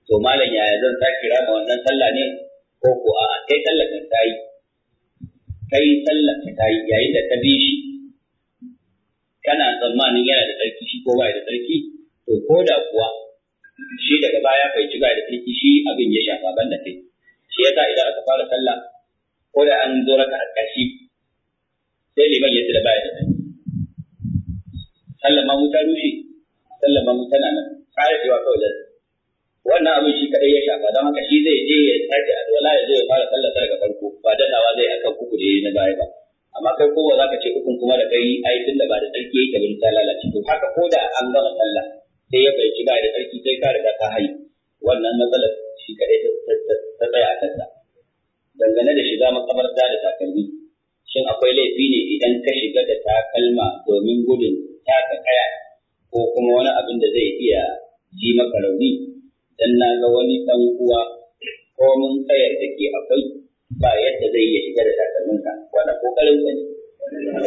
Speaker 1: to malam yaya zan sake rama wannan sallah ne ko ko a kai sallah ka tayi kai sallah ka tayi yayin da ka bi shi kana tsammanin yana da tsarki shi ko bai da tsarki to ko da kuwa shi daga baya bai ci bai da tsarki shi abin ya shafa ban da kai shi yasa idan aka fara sallah ko da an zo raka a ƙarshe sai liman ya tsira baya da tsarki sallama mu ta rushe sallama mu tana nan kare cewa kawai da wannan abin shi kadai ya shafa don haka shi zai je ya sake alwala ya zo ya fara sallar daga farko ba dadawa zai akan kuku da na baya ba amma kai kowa za ka ce hukun kuma da kai ai tun da ba da tsarki yake ba ta lalace to haka ko da an gama sallah sai ya bai ba da tsarki sai ka riga ka hayi wannan matsalar shi kadai ta tsaya a kansa dangane da shiga makabarta da takalmi shin akwai laifi ne idan ka shiga da takalma domin gudun taka kaya ko kuma wani abin da zai iya ji maka rauni dan na ga wani dan uwa ko mun kayar da ke akwai ba yadda zai iya shiga da takalminka wanda kokarin ka ne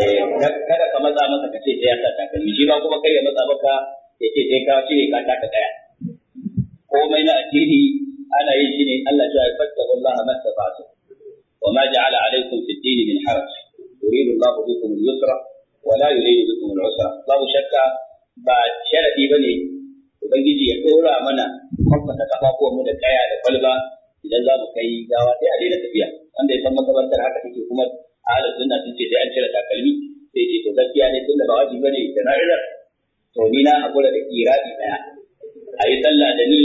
Speaker 1: eh, kada ka matsa masa ka ce sai ya sa takalmi shi ba kuma kai ya matsa maka ya ce sai ka cire ka taka kaya komai na addini ana yin shi ne Allah ya yi fattakullaha mastata'tum wa ma ja'ala alaykum fid din min haraj yuridu Allahu bikum al-yusra wala yuridu bikum al-usra babu shakka ba sharadi bane ubangiji ya dora mana kwamfata kafafuwan mu da kaya da kwalba idan za mu kai gawa sai a daina tafiya wanda ya san makabartar haka take kuma ahlus sunna sun ce sai an cire takalmi sai ce to gaskiya ne tunda ba wajibi bane jana'izar to ni na hakura da kiradi daya a yi sallah da ni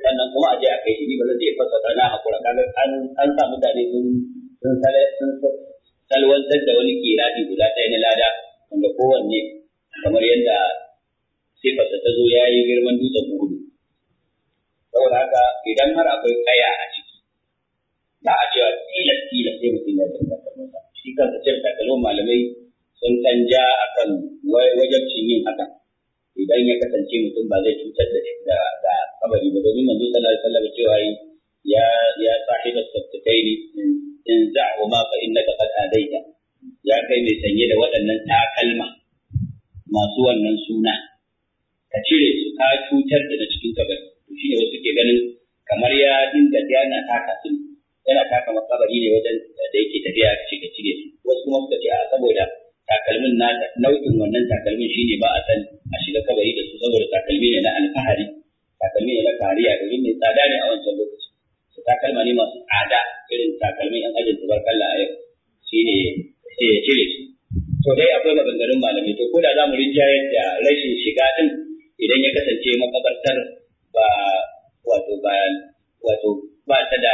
Speaker 1: sannan kuma a je a kai shi ni ba zan je fasara na hakura kaga an an sa mutane sun sun salwantar da wani kiradi guda ɗaya na lada wanda kowanne kamar yadda sifarsa ta zo ya yi girman dutsen kudu saboda haka idan har akwai kaya a ciki za a cewa tilas tilas sai mutum ya zama takalmansa shi kansa cin takalman malamai sun kan ja a kan wajabcin yin hakan idan ya kasance mutum ba zai cutar da da kabari ba domin manzo sallallahu alaihi wasallam cewa ya ya sahiba ne in za'u ma fa innaka qad adaita ya kai mai sanye da waɗannan takalma masu wannan suna ka cire su ka cutar da na cikin kabari shi ne wasu ke ganin kamar ya dinga yana taka su yana taka makabari ne wajen da yake tafiya a cika cire su wasu kuma suka ce a saboda takalmin na nau'in wannan takalmin shine ba a san a shiga kabari da su saboda takalmi ne na alfahari takalmi ne na kariya domin mai tsada ne a wancan lokaci takalma ne masu tsada irin takalmin yan ajin tubarkalla a yau shine sai ya cire su to dai akwai maganganun malamai to ko da za mu rinjayar da rashin shiga din idan ya kasance makabartar ba wato ba wato ba ta da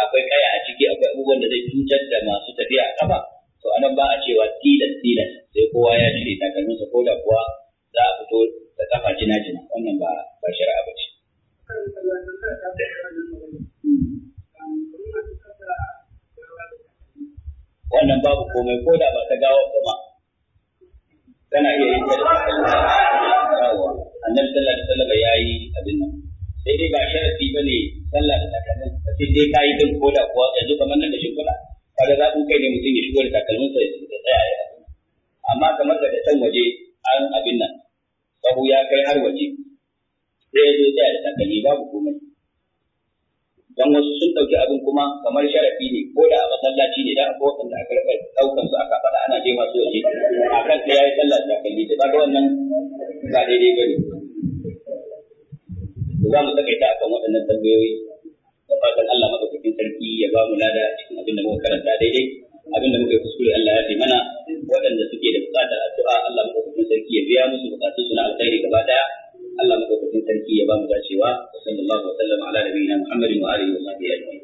Speaker 1: akwai kaya a ciki akwai abubuwan da zai cutar da masu tafiya a kafa to anan ba a cewa tilas tilas sai kowa ya cire takalminsa ko da kuwa za a fito da kafa jina jina wannan ba ba shari'a ba ce. wannan babu komai ko da ba ta gawa ma tana iya yin ta da annabi sallallahu alaihi wasallam yayi abin nan sai dai ba sharadi bane sallah da takalmin sai dai kai din ko da kuwa yanzu kamar nan da shi kula kaga za kai ne mutum ya shigo da takalmin sa ya tsaya ya amma kamar da can waje an abin nan sabu ya kai har waje sai ya zo tsaya da takalmi babu komai dan wasu sun ɗauki abin kuma kamar sharafi ne ko da a masallaci ne da akwai wanda aka rika ɗaukan su aka faɗa ana je su waje a kan sai yayi sallah ta kalli da ga wannan ba daidai bane za mu ta akan waɗannan tambayoyi da fatan Allah madaukakin sarki ya ba mu lada cikin abin da muka karanta daidai abin da muka kuskure Allah ya yi mana waɗanda suke da buƙatar addu'a Allah madaukakin sarki ya biya musu buƙatunsu na alkhairi gaba ɗaya Allah madaukakin sarki ya ba mu dacewa wa sallallahu wa sallam ala nabiyina Muhammadin wa alihi wa sahbihi ajma'in